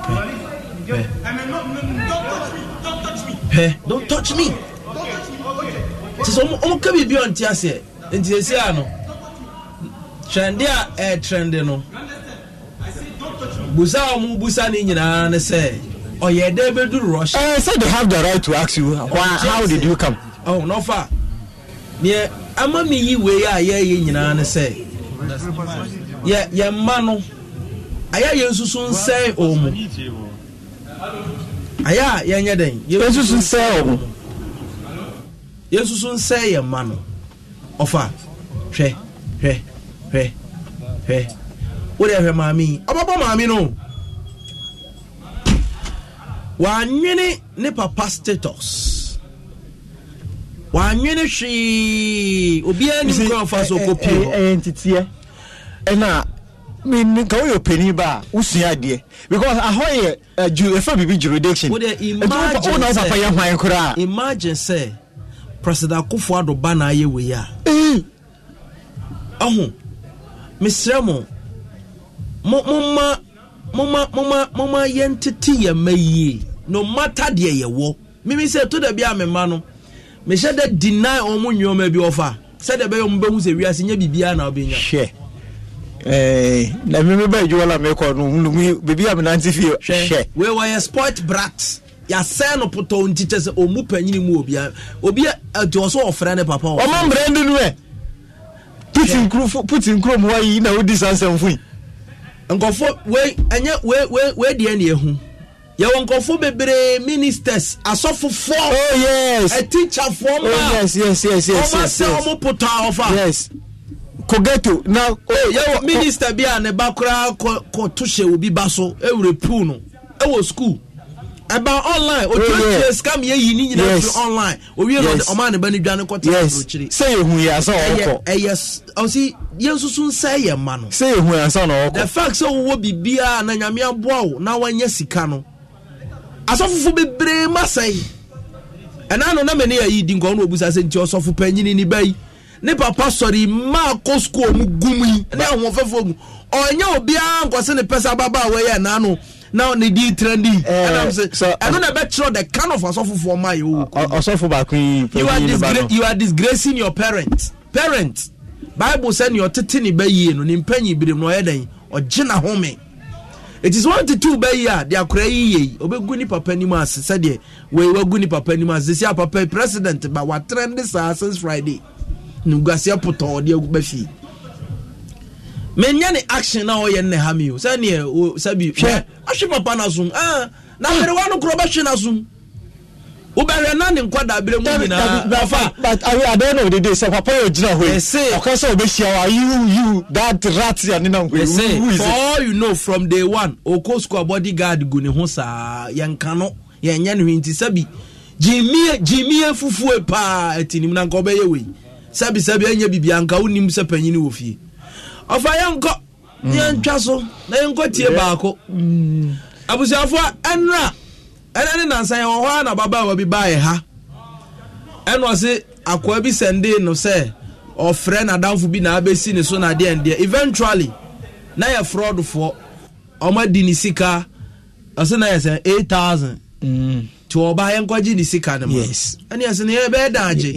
pẹ pẹ don't touch me sísè ọmọ kẹ́bi bí ọ̀ ntí ase ntí esi àná trendy a ẹ̀ eh, trendy no busa a wɔn busa ne nyinaa ne sɛ ɔyɛ dɛ bɛduru russia. ɛ eh, sɛ they have the right to ask you why how did you come. ɔn oh, n'ɔfa neɛ ama mi yi wei a yɛyɛ nyinaa ne sɛ yɛ yɛ mma no ayɛ yɛn nsusu nsɛn wɔn mu ayɛ a yɛnyɛ dɛn. yɛn nsusu nsɛn wɔn mu nsusu nsɛn yɛn mma no ɔfa hwɛ hwɛ hwɛ hwɛ wode hwɛ maame ɔbɛbɔ maame no wannwene ne papa status wannwene hwee obiara nim kura ɔfa so eh, eh, kɔpie eh, ɛyɛ nteteɛ ɛna nka woyɛ ɔpani ba a wosua because ahɔ yɛ ɛfa biribi jurisdiction wona wosafa yɛ hwan koraa imagine sɛ president akofo ado ba na ayɛ wei a ɛho mesrɛ mo momma momma momma momma yɛntete yɛn mma yie no matter deɛ yɛwɔ mimi sɛ to da bi a mema no mehyɛ dɛ deny ɔmo nneɛma bi ɔfa sɛdeɛ ɛbɛyɛ ɔmo bɛhu sɛ wiase nyɛ biribiara na ɔbɛnya. hwɛ ɛɛ na mimi bɛ adwuma la mɛkɔ no numu beebi a fi. fie hwɛ. wei wɔyɛ sport brat yasɛn no pɔtɔ nti kyɛ sɛ ɔmu panyini mu obi a obi a ɔfrɛ ne papa wɔ. ɔmo mbrɛ ndinu yɛ putin kuro putin kuro mu wa yi na odi sansan fun yi nkɔfo wei ɛnyɛ wei wei wei deɛ ne ehu yɛwɔ nkɔfo bebree ministers asɔfofoɔ oh yes ɛtikyafoɔ mmaa oh yes yes yes yes ɔmo asɛ ɔmo puta ɔfa yes kogeto na o oh, oh, yɛwɔ oh. minister bi a ne ba koraa kɔ kɔ to hyɛ obi ba so ewure pool no ɛwɔ school ɛba online otuatua oh, scam yɛ yi ni nyinaa firi online owie no ɔde ɔma ne ba no dwa no kɔtena akyiri sɛ yɛhu yɛ asɛ ɔwɔkɔ ɛyɛ ɔsi yɛn soso nsa yɛ ma no sɛ yɛhu yɛ asɛ na the fact sɛ wowɔ biribiaa na nyame aboa na woanyɛ sika no asɔfofo bebree ma sɛe ɛna no na mene yɛyi di nkɔ no ɔbusa sɛ nti ɔsɔfo panyini ne ba yi ne papa sɔre maa kɔ sukuu mu gum yi ne ahoɔfɛfoɔ mu ɔnyɛ obiara nkɔse ne pɛ sɛ ababaa wɔyɛ Now ne di trendy ɛnam sɛ ɛno na ɛbɛkyerɛ the kind of asɔfofoɔ ma yɛ ɔsɔfo baako yi you are disgracing your parents parents bible sɛ ne ɔtete ne bɛyie no ne mpanyin birim na ɔyɛ dɛn ɔgye na home it is one to two bɛyi a de akora yi yie obɛgu ne papa anim ase sɛdeɛ wei wagu ne papa anim ase sisi a papa president ba watrɛnde saa since friday ne guaseɛ potɔɔ de agu bɛ fie menya ne action na ɔyɛ nnɛ ha mi o sɛneɛ o sɛbi hwɛ ahwe papa no som na merewa no korɔ bɛhwe no som wobɛhwɛ na ne nkɔda berɛ mu nyinaaadeɛ na ɔdede sɛ papa yɛ ɔgyina hɔ ɔka sɛ ɔbɛhyia w you that rat ane na for all you know from day one ɔkɔ sukuu body guard gu ne ho saa yɛnka no yɛnyɛ ne hwei nti sɛbi gyimie fufue paa atinim na nka ɔbɛyɛ wei sɛbi sɛbi ɛnyɛ bibia nka wonim sɛ panyini wɔ fie ɔfa yɛnkɔ yɛntwa so na yɛnkɔ tie baako abusuafoɔ ɛnra ɛnɛ ne nansa yɛwɔ hɔ a na babaawa bi baayɛ ha ɛna ɔse akoa bi sɛndee no sɛ ɔfrɛ n'adamfo bi na abɛsi ne so n'adeɛ ndeɛ eventually na yɛ frɔdofoɔ ɔmo adi ne sika ɔse na yɛ sɛ eight thousand. Mm. nti ɔba yɛnkɔgye ne sika no ɛne ɛsɛ no yɛbɛyɛ daagye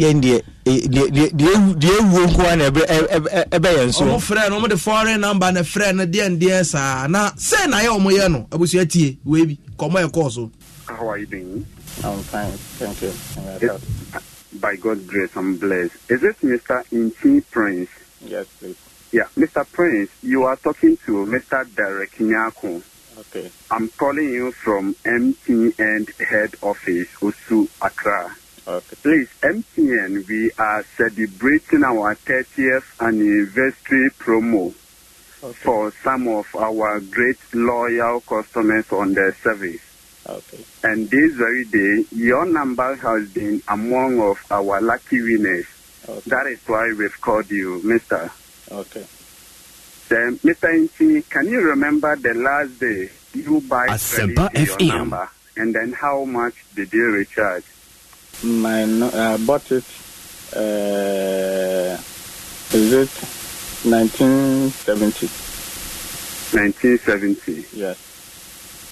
deɛ ɛwuo nko a na ɛbɛyɛ nso ɔmo frɛ no ɔmode foreign number na frɛ no deɛndeɛ saa na sɛ na yɛ ɔmo yɛ no abusua tie wei bi kɔmmɔ yɛ kɔɔ so How are you doing? I'm fine, thank you. by God's grace, I'm blessed. Is this Mr. Inchi Prince? Yes, please. Yeah, Mr. Prince, you are talking to Mr. Derek Nyako. Okay. I'm calling you from MTN head office, Osu, Accra. Okay. Please, MTN, we are celebrating our 30th anniversary promo okay. for some of our great loyal customers on their service. Okay. And this very day, your number has been among of our lucky winners. Okay. That is why we've called you, Mister. Okay. Then, uh, Mr. Inti, can you remember the last day you buy Asempa FM. your number? And then how much did you recharge? My, I bought it, uh, is it 1970? 1970? Yes.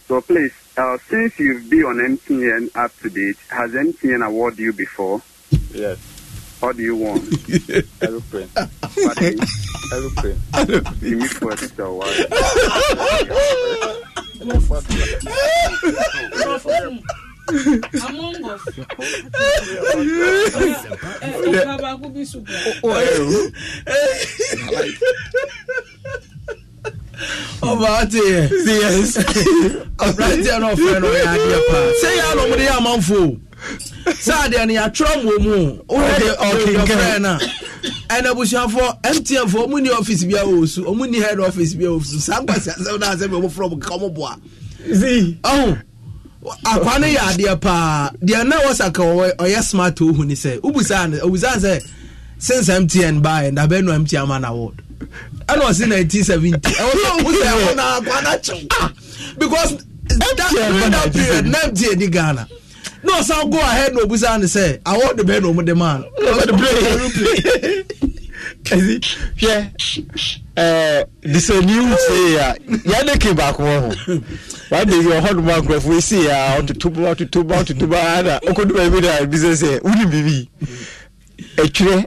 So please, uh, since you've been on MTN up to date, has MTN awarded you before? Yes. What do you want? Aeroplane. Aeroplane. Aeroplane. You meet for a teacher or what? Among us. ọba ati yẹ. cs. abirante náà fẹ́ náà yà á di ẹ̀ pa. sẹ́yìn àlọ́ mo de yà á máa ń fò saadeɛ no yɛatwerɛ mmɔ mu woyɛ ɔkenkan no ɛna abusuafoɔ mtm foɔ ɔmu ni office bi a wɔwɔ su ɔmu ni head office bi a wɔwɔ su saa nkwasi asɛm no asɛm ɔmu frɔ mu ka ɔmu boa ɔho akwa no yɛ adeɛ paa deɛ na wɔ saka ɔyɛ smart ohu ni sɛ wobusaa no ɔbusaa sɛ since mtn baɛ dabɛ no mtn man award ɛna ɔsi 1970 ɛwɔ sɛ ɔmu sɛ ɛwɔ na akwa no akyew ah, because ah, that period na mtn ni ghana No, ɔsan go ahead No, obusa ne sɛ awɔ de bɛn na ɔmo de ma no kasi hwɛ ɛɛ disaniw se ya yanni ke baako wɔ ho wade yi ɔhɔ nom ankorɔfo esi ya ɔtotoba ɔtotoba ɔtotoba ana okoduba ebi na ebi sɛ sɛ wuli bibi etwerɛ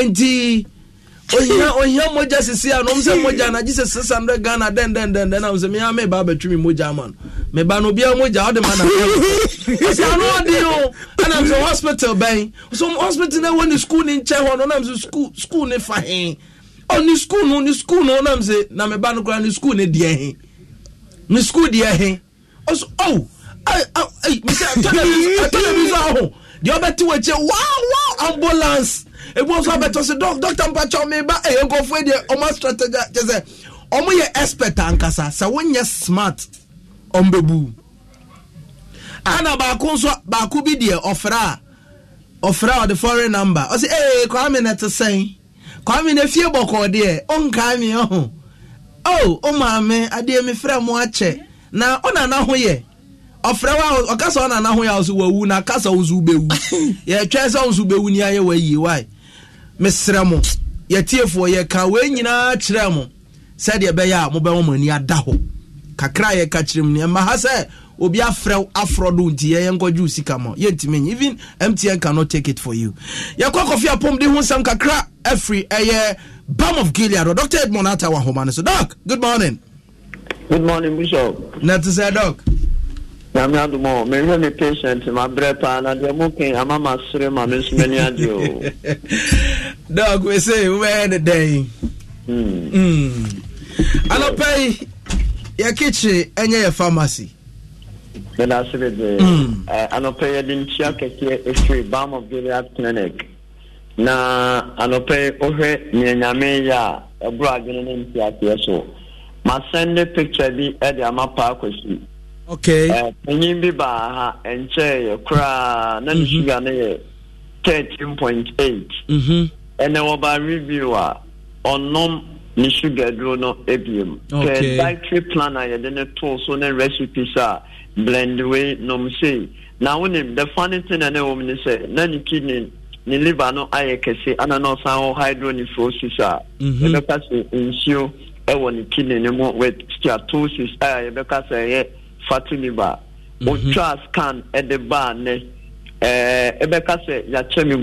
nti ohia ohia mogya sisi a nom sɛ mogya na gye sɛ six hundred ghana den den den den am sɛ mea me ba abɛtwi me mogya ma no meba no obiara mogya wode ma na sɛ ano ɔde o anam sɛ hospital bɛn so hospital na ɛwɔ ne school ni nkyɛn hɔ no nam sɛ school school ni fa he ɔ oh, ne school no ni school no nam sɛ na meba no koraa ni school ni deɛ he ne school deɛ he ɔso oh ai ai mesɛ atɔ na bi so aho deɛ ɔbɛte wɔ akyɛ wow wow ambulance ebi nso abɛtɔ sɛ dɔk dɔkta mpatwa ɔmo eba ɛyɛ eh, nkɔfoɔ deɛ ɔmo astrategy kyɛ ɔmo yɛ ankasa sɛ smart ɔmo ana baako nso baako bi deɛ ɔfra a ɔfra ɔde foreign number ee eh, kwame oh, na ɛte sɛn kwame na efie bɔkɔɔ deɛ ɔnkaa mi ɔho oh ɔmaame adeɛ mi fira mu akyɛ na ɔna n'aho yɛ ɔfrɛ wa ɔkasa ɔna n'aho yɛ wawu na sɛ ni mesrɛ mo yɛtiefoɔ yɛka wei nyinaa kyerɛ mo sɛdeɛ ɛbɛyɛ a mobɛma mo ani ada hɔ kakra a yɛka kyerɛ mu ne ɛma ha sɛ obi afrɛ aforɔ do nti yɛyɛ nkɔgye sika ma yɛntumi nye even mtn cannot take it for you yɛkɔ kɔfi apom de ho nsɛm kakra afiri ɛyɛ bam of gilead o dr edmond ata wɔ no so doc good morning good morning bishop na te sɛ doc nyame adom mehwɛ me patient mabrɛ paa na deɛ ama masere ma me nso m'ani ade o dɔk wese wobɛyɛ ne dɛn anɔpɛ yi yɛkekye ɛnyɛ yɛ pharmacy medase bebree anɔpɛ yɛde ntua kɛseɛ ɛfiri bam of na anɔpɛ wohwɛ neɛ nyame yɛ a ɛborɔ adwene ne ntiaseɛ so masɛnde picture bi ɛde ama paa kwasi Eh, panyin bi baa ha nkyɛn yɛ koraa na mhm. ne suga no yɛ thirteen point eight ɛnna mhm. wɔba review a ɔnom ne suga duro no ebiem kɛ dietary plan a yɛde ne too so ne recipes a blend wei nom sei na wonim the funny thing a ne ne sɛ na ne kidney ne liver no ayɛ kɛse ana na ɔsan wɔ hydronephrosis a mhm. yɛbɛka sɛ nsuo ɛwɔ ne kidney ne mu with steatosis a yɛbɛka sɛ ɛyɛ. fatunibaa mhm. otwaa scan ɛde baa nɛ ɛbɛka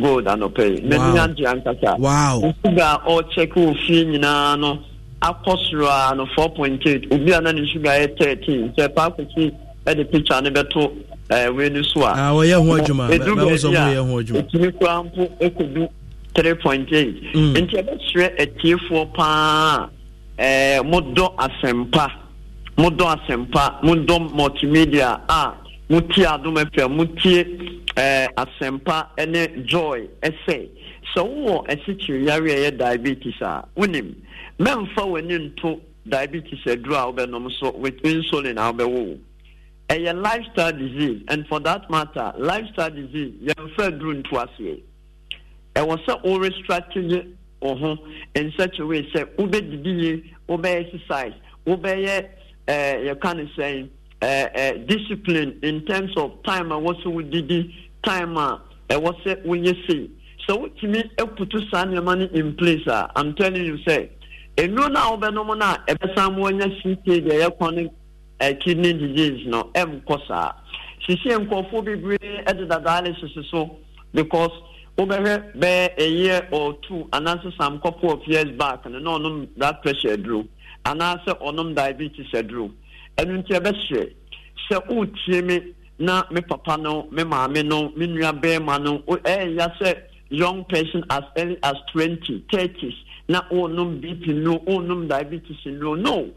gold anɔpɛ yi n'aniagye ankasa nsuga a ɔrekyɛke wɔ nyinaa soro a obi a na ne suga 13 nke sɛ paakɔsi ɛde picture no bɛto ɛɛ wei no so a wɔyɛ ho adwuma edu baabi a etumi koraa mpo ekodu three point eight mm. nti paa eh, modɔ asɛmpa modɔ multimedia a motie adom fm motie eh, asɛmpa ne joy ɛsɛ sɛ wowɔ asikyiri yare ɛyɛ diabetes a wonim mɛmfa w'ani nto diabetes aduru a wobɛnom so with insulin a wobɛwo ɛyɛ lifestyle disease and for that matter lifestyle disease yɛmfa aduru nto aseɛ ɛwɔ sɛ worestrategy wo ho in such a way sɛ wobɛdidi yie wobɛyɛ exercise wobɛyɛ yɛ ka ne sɛn discipline in terms of time and what we did, time and eh, eh, what a ɛwɔ sɛ wonyɛ sei sɛ wotumi aputu saa nneɛma money in place i eh, i'm telling you say. nnuro no now. wobɛnom no a ɛbɛsan mu anya cpa deɛ ɛyɛ chronic kidney disease no ɛnkɔ saa sisi nkɔfoɔ bebree ɛdeda dialysis so because wobɛhwɛ a year or two anaasɛ some couple of years back no na that pressure duro anaasɛ ɔnom diabetes aduro ɛno nti ɛbɛhyɛ sɛ wotie me na me papa no me maame no me nua bɛrima no ɛɛya sɛ young person as early as twenty thirties na wonom bp no wonom diabetes no no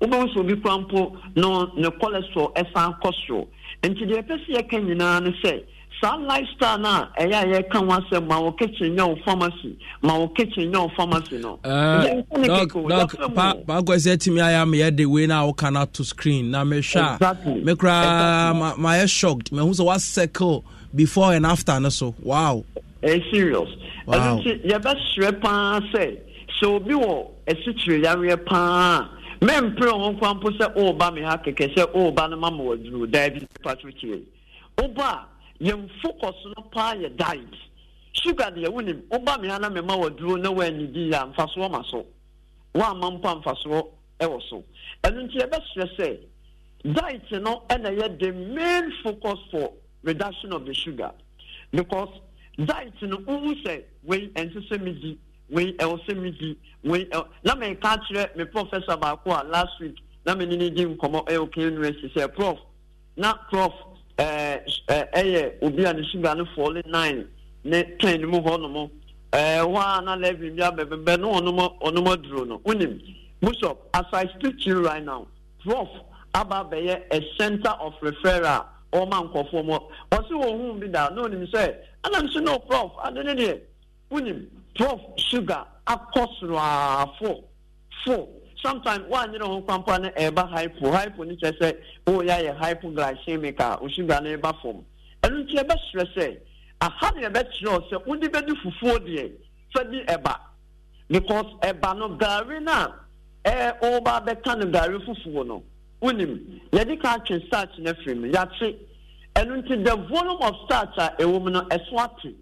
wobɛhu sɛ obi kora mpo no ne cholesterol ɛsan kɔ soro nti deɛ ɛpɛ sɛ yɛka nyinaa ne sɛ saa lifestyle na ɛyɛ a yɛka ho asɛm ma wo kitchen nyɛ wo pharmacy ma wo kitchen nyɛ wo pharmacy no baakɔ sɛ atumi ayɛ ama yɛde wei no a woka no screen na mehwɛ a me koraa mayɛ shocked mahu sɛ woacycle before and after no so wow ɛyɛ eh, serious ɛno nti yɛbɛserɛ paa sɛ sɛ obi wɔ asikyire yareɛ paa a mɛmpere ho nkwa mpo sɛ woba me ha kɛkɛ sɛ woba no ma ma waduru daa bi patrokyie woba a yɛn focus no paa yɛ diet sugar deɛ wonim woba me ana mema waduro na woanidi a mfasoɔ ma so woama mpo mfasoɔ wɔ so ɛno nti yɛbɛserɛ sɛ diet no ɛna yɛ the main focus for reduction of the sugar because diet no wohu sɛ wei ɛnse sɛ medi wei ɛwɔ sɛ medi wei ɛwɔ na meka kyerɛ me professor baako a last week na me ne ne di nkɔmmɔ ɛyɛ okɛ university sɛ prof na prof ɛyɛ eh, eh, eh, obi a ne suga no fɔle nine ne ten no mu hɔ nom hɔ a na bi abɛbɛbɛ ne no as i still chill right now prof aba abɛyɛ a center of referral a ɔma nkɔfoɔ mu ɔsi wɔn ho bi da na anam no prof ade ne prof sugar akɔ soro a sometimes wanyere ho kwampa no ɛreba hypo hypo no kyerɛ sɛ woyɛ ayɛ hypoglycemic a wo sugar no ɛba fam ɛno nti ɛbɛserɛ sɛ aha ne ɛbɛkyerɛ sɛ wode bɛdi fufuo deɛ fa di ɛba because ɛba no gari no a ɛɛ ɔreba bɛka no gari fufuo no wonim yɛde ka atwe starch no afiri mu yɛate ɛno nti the volume of starch uh, a ɛwɔ mu uh, no ɛso ate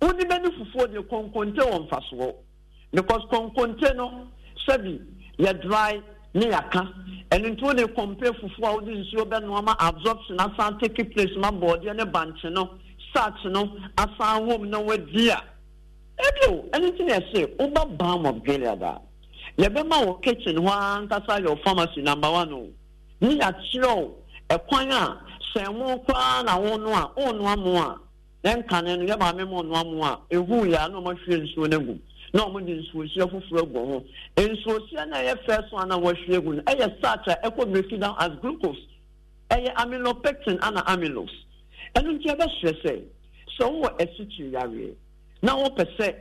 wode bɛdi fufuo deɛ kɔnkɔnte wɔ mfasoɔ because kɔnkɔnte no sɛbi yɛ dry ne yɛaka ɛno nti wode kɔmpe fufuo a wode nsuo bɛnoa ma absorption asan take place ma bɔɔdeɛ ne bankye no starch no asan wom na wadi a ebio ɛno nti na ɛse woba balm of gilead a yɛbɛma wɔ kitchen hɔ ara nkasa yɛ pharmacy number one o ne yɛakyerɛ o ɛkwan a sɛmo koraa na wo no a wonoa mo a na nkane no yɛmaame ma ɔnoa mo a ɛhuu yɛ a na ɔmahwie nsuo no agum na wɔn de nsuohyia foforɔ agu ho nsuohyia na ɛyɛ fɛ so ana wɔhwie agu no ɛyɛ starch a ɛkɔ break down as glucose ɛyɛ aminopectin ana aminos ɛno nti ɛbɛsrɛ sɛ sɛ wowɔ asikyiri yareɛ na wɔpɛ sɛ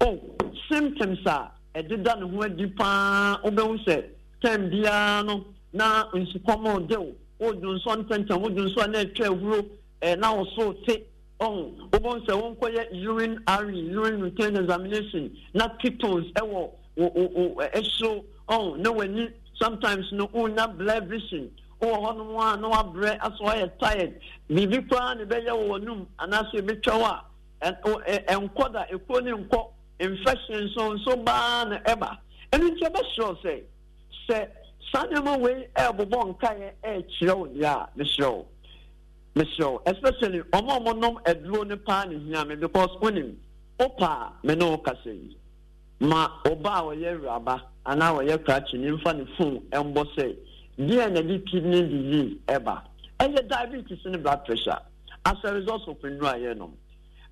o oh, symptoms a ɛdeda ne ho adi paa wobɛhu sɛ tɛm biara no na nsukɔm ɔde wo wodwo nsɔ ntɛntɛn wodwo nsɔ na ɛtwa ahuro ɛɛ na wɔso te ɔn oh, wɔbɔ nsɛ wɔn kɔyɛ urine urine urine return examination na pimples ɛwɔ wɔ wɔ wɔ ɛso ɔn na w'ani sometimes oh, blood vision na wabrɛ aso ayɛ tired na ɛbɛyɛ wɔ infection nso nso baa na saa mesrɛ especially ɔma ɔmonom aduro no paa ne hia me because wonim wopa a me ne wo yi ma ɔba a wɔyɛ awuraba anaa wɔyɛ krakye mfa ne fon ɛmbɔ sɛ deɛ na de kidney disease ɛba ɛyɛ diabetes ne blood pressure as a result of ndụ a yɛnom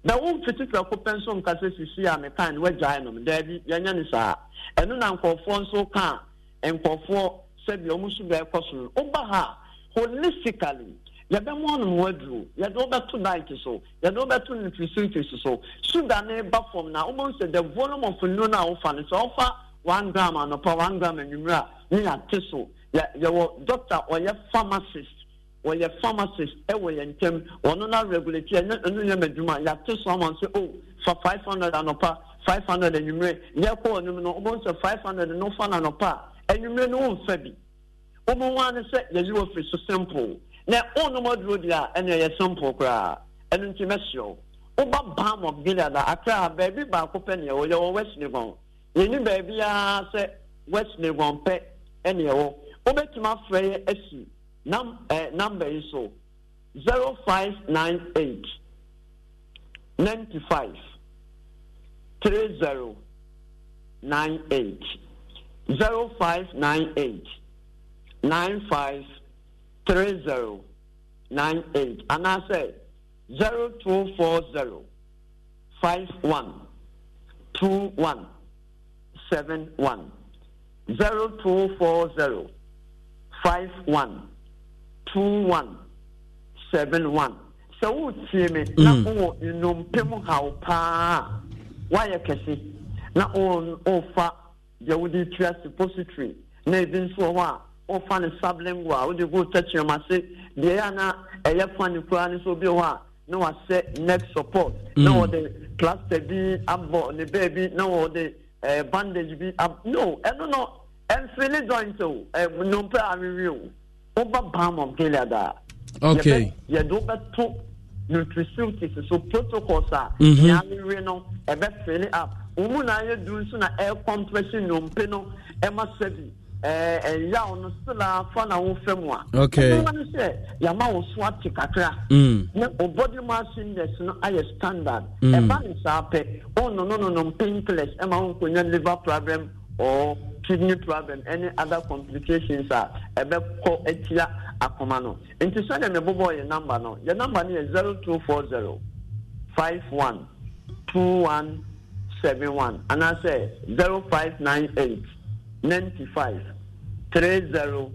na womfiti prɛko pɛ nso nkasa sisi a meka ne woagyae nom daabi yɛnyɛ ne saa ɛno na nkɔɔfoɔ nso ka nkɔɔfoɔ ɔmo ha holistically yɛde mu ɔnom waduro yɛde wobɛto night so yɛde wobɛto nutricentis so sugar ne ba fam na wobɛhu sɛ the volume of nnu no a wofa no sɛ wofa one gram anɔpa one gram anwummerɛ a ne yɛate so yɛwɔ doctor ɔyɛ pharmacist wɔyɛ pharmacist ɛwɔ yɛn ntɛm ɔno na regulate ɛno ɛno yɛ mɛ dwuma yɛate so ama sɛ o oh, fa five hundred anɔpa five hundred anwummerɛ yɛkɔ ɔnom no wobɛhu sɛ five hundred no fa no anɔpa a anwummerɛ no womfa bi wobɛhu a ne sɛ yɛyi wɔ firi so simple na onom aduro di a ɛna ɛyɛ simple koraa ɛno nti mɛsirɛw woba bam of gilead a akra baabi baako pɛ neɛ ɛwɔ yɛwɔ west legon yɛni baabi a sɛ west legon pɛ ɛna ɛwɔ wobɛtumi afrɛ yɛ asi nam ɛɛ namba yi so zero five nine eight ninety five three zero nine eight zero five nine eight nine five. three zero nine eight and I say zero two four zero five one two one seven one zero two four zero five one two one seven one. So wotie me na mm. wowɔ nnompem haw how woayɛ Why you ɔfa deɛ wode tua suppository na ebi nso wɔ hɔ a wɔfa no sublingual wode gu tɛkyerɛmase deɛ yɛ na ɛyɛ fa ne koraa ne sɛ obi hɔ a na wasɛ neck support mm. na wɔde plaster bi abɔ ne baabi na wɔde eh, bandage bi ab no ɛno no ɛmfele joint o nnompe awewe o woba balm of gilead a okay yɛde wobɛto nutriceutis so protocols a nea awewe no ɛbɛfele up wo mu na duru nso na ɛɛcompression nnompe no ɛma sɛ bi ɛnya eh, eh, wo mm. mm. e no sela fa fɛ mu a ɛnoa no sɛ yɛama wo so ate kakra na obody mass index no ayɛ standard ɛba ne saa pɛ wononononom paintless e ma wo nkonya liver problem or kidney problem any other complications a ɛbɛkɔ e atia akoma no nti sɛdeɛ mebobɔɔ yɛ number no yɛ number no yɛ 0240 51 2171 anaasɛ 0598 95 three zero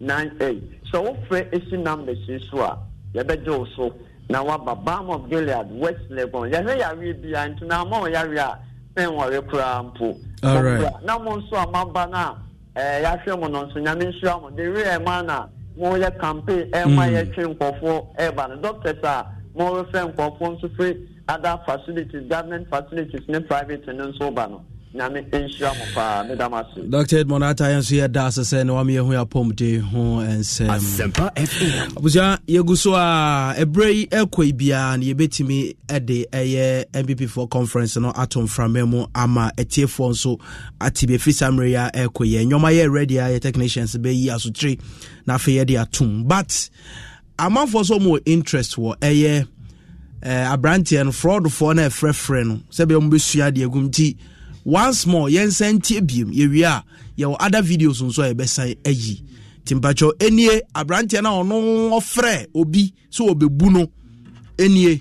nine eight sọ wofre esi numbers yi so a yɛbɛgye wo so na waba bam of gilead west legon yɛhwɛ yareɛ bia nti na ama wo yareɛ a mɛnware All right. na mo nso a maba no a yɛahwɛ mo no nso nyame nhyira mo de werɛ ɛma na moyɛ campaign ɛma eh, mm. eh, yɛtwe nkɔfoɔ ɛba eh, no doctors a morefɛ nkɔfoɔ nso firi other facilities government facilities ne private no nso ba no dr edmond atayɛ nso yɛda ase sɛ ne wama yɛhu apɔmde ho nsɛm abusua yɛgu so a ɛberɛ yi ɛkɔ yi biara na yɛbɛtumi de ɛyɛ mppfoɔ conference no ato mframa mu ama atiefoɔ nso ate bi ɛfiri saa mmerɛ yi a ɛkɔ yɛ nnwɔma yɛ ready a yɛ technicians bɛyi asotire na afei yɛde atom but amanfoɔ so mu interest wɔ ɛyɛ aberanteɛ no fraudfoɔ no ɛfrɛfrɛ no sɛbia mu deɛ agum nti once more yɛnsa ntie biom yɛwie a yɛwɔ other videos nso a yɛbɛsan ayi timpatwɛ ɛnie aberanteɛ no a ɔno ɔfrɛ obi sɛ wɔbɛbu no ɛnie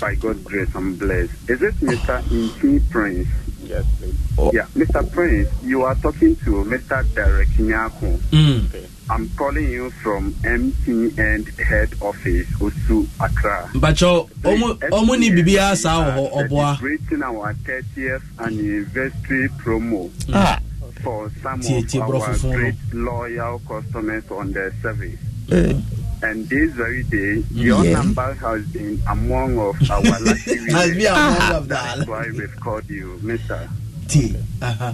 By God's grace, I'm blessed. Is it Mr. Inti Prince? Yes, please. Oh. Yeah, Mr. Prince, you are talking to Mr. Derek Nyako. Mm. Okay. I'm calling you from MTN head office, Osu, Accra. Bacho, ọmọ ni bíbí a sá ọ̀họ́ ọ̀bọ̀a. Celebrating our 30th anniversary promo. Mm. Ah. For some of our great loyal customers on their service. Uh. And this very day, your yeah. number has been among of our lucky winners. Has been among of that. That's why we've called you, Mister. T. Uh-huh.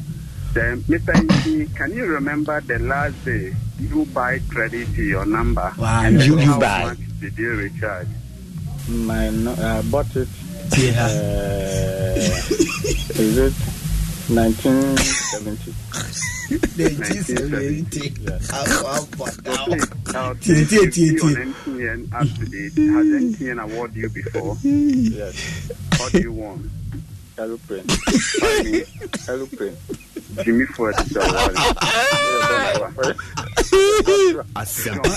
Then, Mr. Inti, can you remember the last day you buy credit to your number? Wow, and you, you buy. How much did you recharge? My, no, I bought it. Yeah. Uh, is it 1970? 1970. Yeah. How, how, how, NTN up to date. Has NTN awarded you before? Yes. What do you want? Aeroplane. I mean, aeroplane jimi fún ẹ ti sọ wà ní. asẹmpa.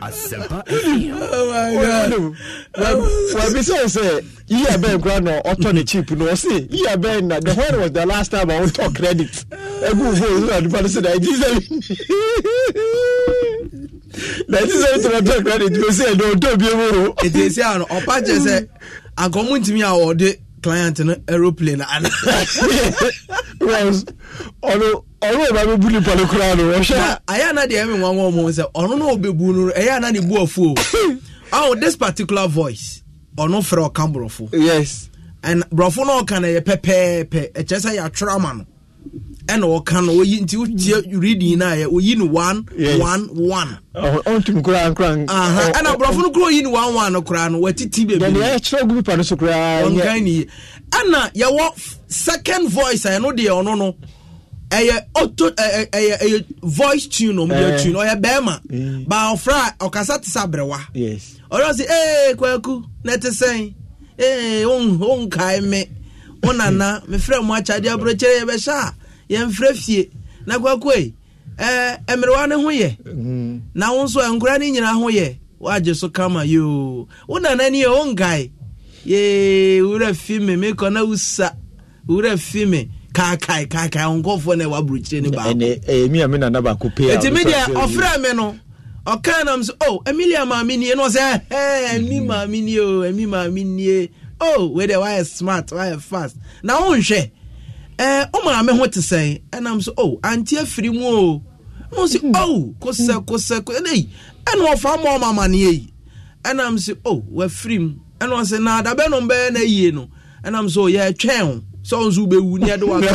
asɛmpa wabisa wo sɛ yiyɛ bɛn kora na ɔtɔ ne chip no ɔse yiyɛ bɛn na the when was the last time a wotɔ credit ɛgu wo phone 1973 credit bɛ se ɛdɔ ɔdɔ bi emu ètò èsì àná ọ̀pá jẹ sẹ àgọ́mú ntìmí à ọ̀dẹ client ní aeroplane àná. ọ̀nà ọ̀rọ̀ ọba bẹ bu nípa ní kura ni ọ̀ṣẹ́. àyà náà di ẹ̀mí wọn wọn mọ̀ sẹ ọ̀nà náà ọbẹ̀ bu nínú ẹ̀yà náà ni bu ọ̀fọ̀ o. àwọn this particular voice ọ̀nà fẹ̀rẹ̀ ọ̀kan bọ̀rọ̀fọ̀. yes. and bọ̀rọ̀fọ̀ náà kàn ɛna ɔka no oyi nti wotie reading na yɛ oyi ni one yes. one one. ɔntumi kura nkura. ɛna aborɔfo no kura oyi ni one one no kura no watiti bebree. dɛni ɛkyerɛ group ano so ni yi ɛna yɛwɔ second voice a ɛno deɛ ɔno no ɛyɛ auto ɛyɛ ɛyɛ voice tune no mu yɛ tune ɔyɛ bɛrima baafra ɔkasa ti sa abrewa. ɔyɛ ɔsi ee kwaku na ɛte sɛn ee onkae me. mo nana mefrɛ mo akyade aborɔkyerɛ yɛbɛhyɛ a yɛmfrɛ fie na kwakoe ɛmmerewa eh, ne ho yɛ mhm. na wo nso ɛnkora ne nyinaa ho yɛ woagye so kama yoo wo nana ni yɛ wura fi me mekɔ na wosa wura fi me kaakae kaakae na ɛwaborɔkyerɛ ne baakoɛti medeɛ ɔfrɛ me no ɔkaa nam o oh, emilia maame nie na ɔsɛ ɛmi eh, eh, maame nie o ɛmi maame nie oh wei deɛ wayɛ smart wayɛ fast na wonhwɛ ɛɛ wo maame ho te sɛn ɛnam so oh ante afiri mu o mo si oh kosɛ kosɛ kosɛ ɛyi ɛna ɔfa ama ɔma eh. amaneɛ yi ɛnam so oh wafiri mu ɛna ɔsɛ na adabɛ no bɛyɛ na yie no ɛnam so yɛtwɛn o sɛ ɔn so bɛwu ni ɛde waka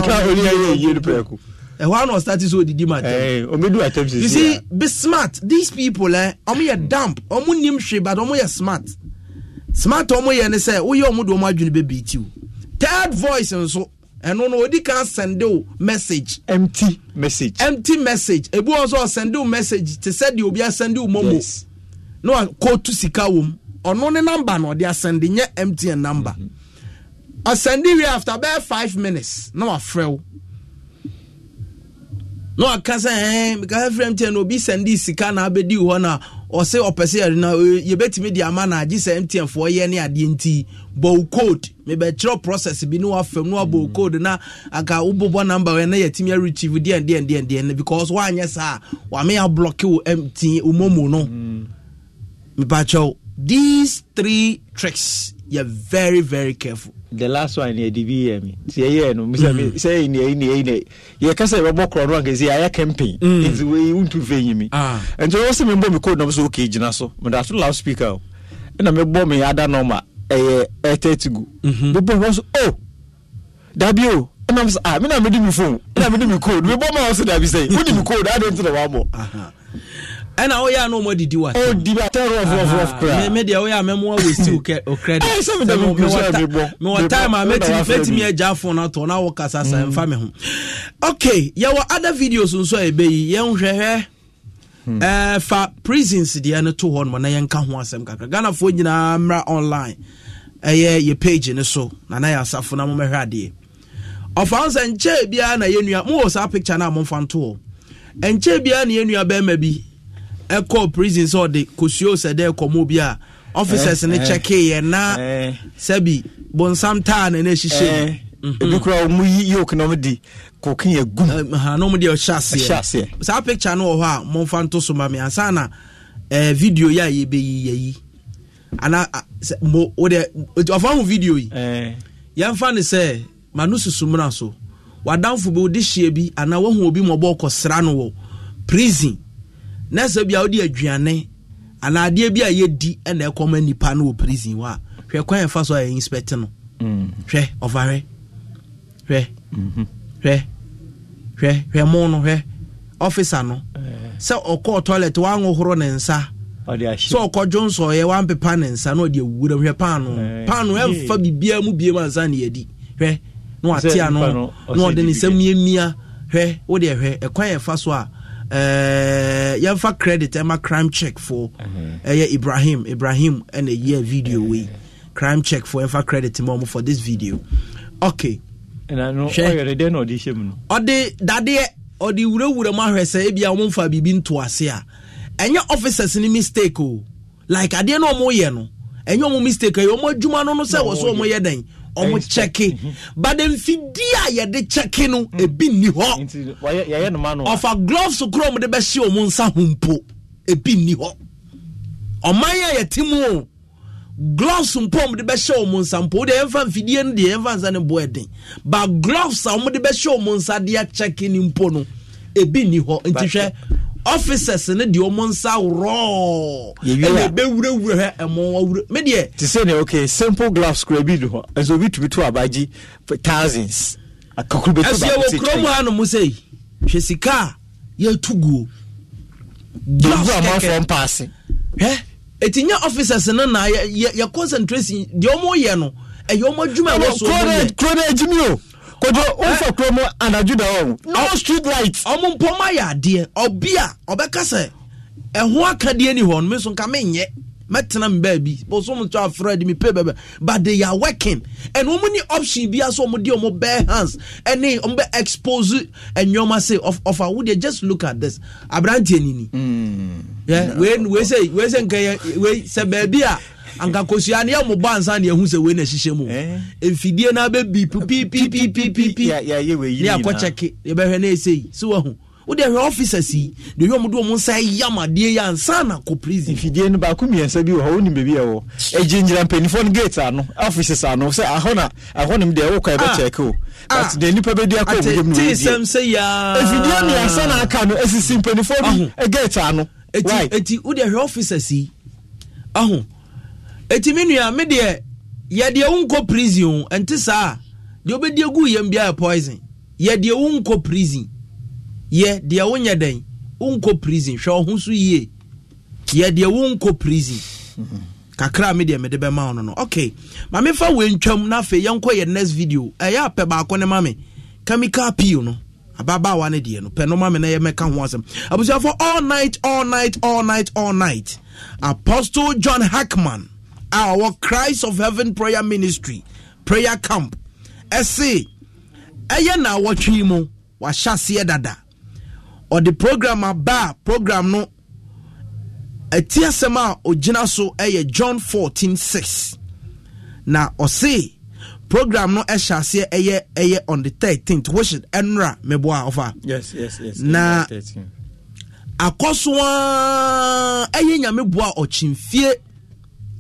ɛhɔ ana ɔstati sɛ ɔdidi ma tɛm you see be smart these people eh, ɔmo yɛ damp ɔmo nim hwe but ɔmo yɛ smart smart ɔmo yɛ ne sɛ woyɛ ɔmo de ɔmo adwene bɛbi ti o third voice nso ɛno no odi kan send o message. empty message. empty message ebi wɔn nso ɔsend o message te sɛ deɛ obi asend o momo yes. no a kootu sika wɔm ɔno ne number na ɔde asend nyɛ empty namba mm-hmm. ɔsend wi after bɛɛ five minutes na wafrɛ o na waka sɛ ɛɛn because every time na obi send sika na abɛdi hɔ na ɔsɛ ɔpɛ sɛ yɛre no eh, yɛbɛtumi de ama no agye sɛ mtmfoɔ yɛ ne adeɛ nti bɔw code mebɛkyerɛ process bi ne wafam ne wabɔw mm. code na aka wobobɔ number ɛ na yɛatumi arechieve deɛndeɛndeɛndeɛ no because woanyɛ saa wame ablɔke wo mti womomu no mm. mepakyɛw these three tricks yɛ very very careful the last one yɛ de bi yɛ mi ti yɛ yɛ no misa mi sɛ yɛ yɛ yɛ yɛ yɛ kasa yɛ bɔ kɔrɔ no a kɛse yɛ ayɛ campaign nti wei ntu fɛ yi mi nti wɔn sɛ mi bɔ mi code na so okay gyina so mi da so loud speaker o ɛna mi bɔ mi ada nɔma ɛyɛ ɛtɛ ti gu mi bɔ mi wɔn so o dabi o ɛna mi sɛ ah mi na mi di mi phone ɛna mi di mi code mi bɔ mi a wɔ sɛ dabi sɛ yi mi di mi code adi n ti na wa bɔ ɛna woyɛ a na ɔmɔ didi wa me deɛ woyɛ a mɛmoa wɔsi wo credit mewɔ time a mɛtumi agya fo no atɔ na wokasa sa mm. ɛmfa me ho okay yɛwɔ other videos nso a ɛbɛyi yɛnhwɛhwɛ hmm. eh, fa prisons deɛ no to hɔ nom na yɛnka ho asɛm kakra ghanafoɔ nyinaa mmra online ɛyɛ yɛ page no so na na yɛ asafo na momɛhwɛ adeɛ ɔfa sɛ nkyɛɛ biara na yɛnua mowɔ saa picture no a momfa nto hɔ ɛnkyɛɛ biara na yɛnua bɛrima bi ɛkɔ prison sɛ ɔde kosuo sɛ dɛ kɔmɔ bi a officers ne kyɛkeeɛ eh, eh. na eh. sɛbi bonsam taa na ne hyehyɛ mhm. ebi kura wɔn mu yi yoke na wɔn di kokin yɛ gum ha na wɔn de ɔhyɛ aseɛ saa picture no wɔ hɔ a mɔmfa nto so ma mi ansa ɛɛ video yi a yɛbɛyi yɛyi ana sɛ mo o de ɔfa ho video yi yɛnfa ne sɛ ma no susu muna so wadanfo bi o de hyia bi ana wɔn ho obi ma ɔbɔ ɔkɔ sra no wɔ prison. na sɛ aduane bi a yɛdi ɛna ɛkɔma nipa no a hwɛ kwan ɛfa so a yɛ inspect no mm. mm-hmm. hwɛ hwɛ hwɛ hwɛ hwɛ mu no hwɛ ɔfisa no eh. sɛ toilet ne nsa sɛ ne nsa na ɔde awura hwɛ paano eh, paano ɛmfa biribiaa mu biem ansa ne yɛdi hwɛ na watea ano na ɔde ne sɛ miamia hwɛ wodeɛ hwɛ ɛkwan ɛfa so a uh, yɛmfa credit ɛma crime check for mhm. ɛyɛ uh-huh. ibrahim ibrahim ɛna ɛyɛ video wei crime check for ɛmfa credit ma ɔmo for this video okay hwɛ ɔde dadeɛ ɔde wurawura mu ahwɛ sɛ ebi a ɔmo nfa biribi nto ase a ɛnyɛ officers ni mistake o like adeɛ na ɔmo yɛ no ɛnyɛ ɔmo mistake ɛyɛ ɔmo adwuma no no sɛ wɔ so ɔmo yɛ dɛn ɔmo kyɛke mm-hmm. but mfidie a yɛde kyɛke no mm-hmm. ebi nni hɔ ɔfa gloves koro ɔmo de bɛhyɛ ɔmo nsa ho mpo ebi nni hɔ ɔman a yɛte mu o gloves mpo ɔmo de bɛhyɛ ɔmo nsa mpo deɛ yɛmfa mfidie no deɛ yɛmfa nsa no bɔ ɛden but gloves a ɔmo de bɛhyɛ ɔmo nsa deɛ kyɛke ne mpo no ebi nni hɔ nti officers ne deɛ ɔmo nsa rɔɔ ɛna ebɛwurawura hɛ ɛmo awura me deɛ. te sɛ ne okay simple gloves kura bi do hɔ nso obi tumi to abagye thousands akakuru bɛ to baako ti twɛn. ɛsɛ wɔ kurom ha no mo sɛ hwɛ sika a yɛtu guo. gloves kɛkɛ hwɛ etinya officers no na yɛ yɛ concentration deɛ ɔmo yɛ no ɛyɛ ɔmo adwuma a wɔsɔ ɔmo yɛ. kuro de kuro o kojú ó fọ kúrò mu anadu da ọ no street light. ọmọ mpọmọ ayé adeɛ ɔbi a ɔbɛka sɛ ɛho akadeɛ ni hɔ no mi nso nka mi nyɛ mɛtena mi baabi bosom nso afra de mi pay bɛbɛ but they are working and wɔn ni option bi aso wɔn di wɔn bare hands ɛne wɔn bɛ expose ɛnyɔma se of of awo de just look at this aberanteɛ nini. wei hmm. wei sɛ wei sɛ nkɛyɛ wei sɛ baabi a anka nkosua ne yɛmobɔ ansa ne yɛhu sɛ wei na ɛhyehyɛ mu eh? mfidie no bɛbi pipipipipipi ne akɔ kyɛke yɛbɛhwɛ ne ɛsɛi sɛ wahu wode hwɛ officers yi de hwɛ ɔmode ɔmo nsa yam adeɛ yi ansa na kɔ prison mfidie no baako mmiɛnsa bi wɔ hɔ wonim baabi ɛwɔ ɛgyinagyina mpanimfoɔ no gate ano offices ano sɛ ahɔ na ahɔ nom deɛ wokɔ ɛbɛkyɛɛke ah. o ah. but deɛ nnipa bɛdi akɔ ɔmogye mu nosɛm sɛ yaa mfidie no yɛansa na aka no ɛsisi mpanimfoɔ bi gate ano Eti wode hwɛ officers yi aho eti mi nua mi deɛ yɛ deɛ prison nti saa deɛ obedi egu yɛm bia yɛ poison yɛ deɛ prison yɛ deɛ wonyɛ dɛn wonkɔ prison hwɛ ɔho so yie yɛ deɛ prison kakra mi deɛ mi de bɛ ma ɔno no okay maame fa wo ntwam n'afɛ yɛn kɔ yɛ next video ɛyɛ apɛ baako ne maame chemical peel no ababaawa ne deɛ no pɛ no maame na yɛ mɛka ho asɛm abusuafo all night all night all night all night apostle john hackman our Christ of Heaven Prayer Ministry prayer camp I ɛse ɛyɛ na awɔtwe mu wahyɛ aseɛ dada the program aba program no ɛti asɛm ojina so ɛyɛ John 14 14:6 na ose program no ɛhyɛ aseɛ ɛyɛ ɛyɛ on the 13th wohyɛ Enra mɛboa ɔfa yes yes yes na akoswa ɛyɛ nyame boa ɔkyinfie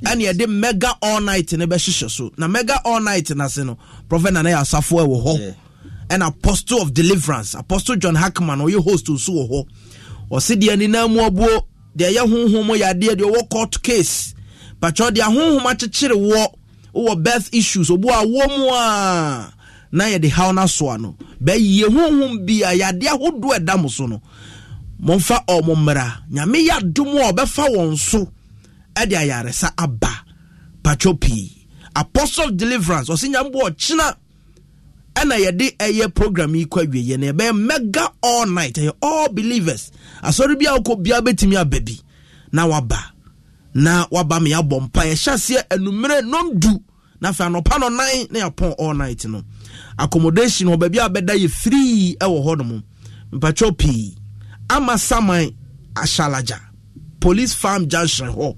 ɛne yɛde mega all night no bɛhyehyɛ so na mega all night no ase no prophet nana yɛ asafo wɔ hɔ ɛna apostle of deliverance apostle john hackman ɔyɛ host nso wɔ hɔ ɔse deɛ nenam mu abuo deɛ ɛyɛ honhom yɛ adeɛ deɛ ɔwɔ court case patwɛ deɛ ahonhom akyekyere wɔ wowɔ birth issues obu a wɔ mu a na yɛde haw no asoa no bɛyie honhom bi a yɛadeɛ ahodoɔ ɛda mo so no momfa ɔmo mmara nyame yɛ adom a ɔbɛfa wɔn so ɛde ayaresa aba patwo pii apostle deliverance ɔsi nyambo ɔkyena ɛna yɛde ɛyɛ program yi kɔ awie yɛ no yɛbɛyɛ mega all night ɛyɛ all believers asɔre bi a wokɔ bia bɛtumi aba bi na waba na waba me yɛabɔ mpa yɛhyɛ aseɛ anumere nondu na afei anɔpa no nan na yɛapɔn all night no accommodation wɔ baabi a bɛda yɛ free ɛwɔ hɔ nom mpatwɛ pii ama saman ahyalagya police farm junction hɔ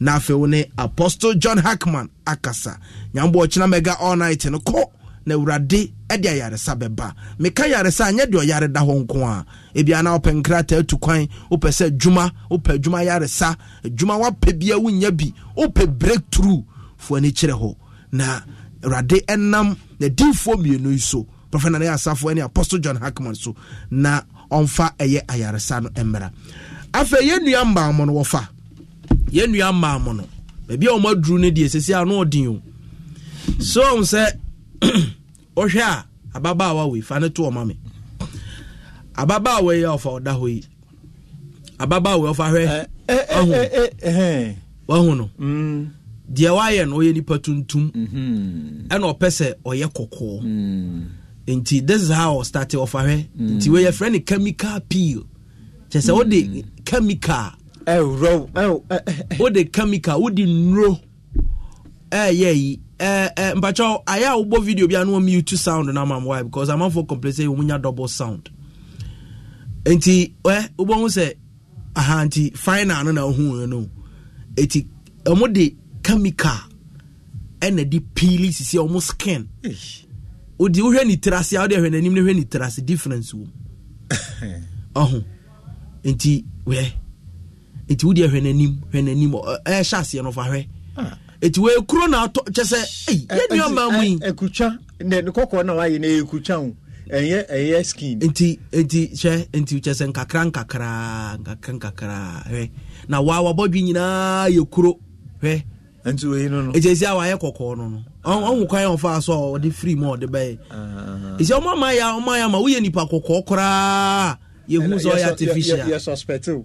na afei wo ne apostle john hackman akasa nyambo ɔkyena mega all night no kɔ na awurade de ayaresa bɛba meka yaresa anyɛ deɛ ɔyare da hɔ nko a ebia na wopɛ nkrataa atu kwan wopɛ sɛ adwuma wopɛ adwuma yaresa adwuma woapɛ bia wonya bi wopɛ break through fo ani kyerɛ hɔ na awurade nam nadinfoɔ mmienu yi so prɔfɛ nana asafo ne apostle john hackman so na ɔmfa ɛyɛ ayaresa no mmra afei yɛ nnua mbaa mo no wɔfa yɛn nua mmaa mo no baabi a wɔn aduru no deɛ sisi ano ɔdin o so n sɛ ɔhwɛ a ababaawa wei fa ne to ɔma mi ababaawa yi a ɔfa ɔda hɔ yi ababaawa ɔfa hwɛ ɔho eh, ɔho eh, eh, no mm. deɛ wayɛ no ɔyɛ nipa tuntum mm-hmm. ɛna ɔpɛ sɛ ɔyɛ kɔkɔɔ mm. nti this is how ɔstart ɔfa hwɛ nti mm. wɔyɛ frɛ no chemical peel kyɛ sɛ ɔde chemical. wode chemical wode nnuro ɛyɛ yi mpakyɛ ayɛ a wobɔ video bia no wɔ mute sound no ama mwae because amanfoɔ complain sɛ wɔmu nya double sound nti ɛ wobɛhu sɛ aha nti final na wohuɛ no eti ɔmo de de sisi ɔmo skin a n'anim hwɛ difference ɔho nti wɛ nti wodeɛ hwɛ n'anim hwɛ n'anim ɛhyɛ aseɛ no hwɛ nti ah. wo ekuro na atɔ kyɛ sɛ ɛyi yɛ nua maa mu yi. ekutwa ne kɔkɔɔ na wayɛ ne ekutwa o ɛyɛ ɛyɛ skin. nti nti kyɛ nti kyɛ sɛ nkakra nkakra nkakra nkakra hwɛ na wa wabɔdwi nyinaa yɛ kuro hwɛ. nti oyi no no. ekyɛ si a wayɛ kɔkɔɔ no no ɔn kwan yɛn fa so ɔde firi mu ɔde bɛyɛ. Ah. ekyɛ ɔmo ama ya ɔmo ama ya ma woyɛ nipa kɔkɔɔ koraa yɛ hu sɛ ɔyɛ artificial.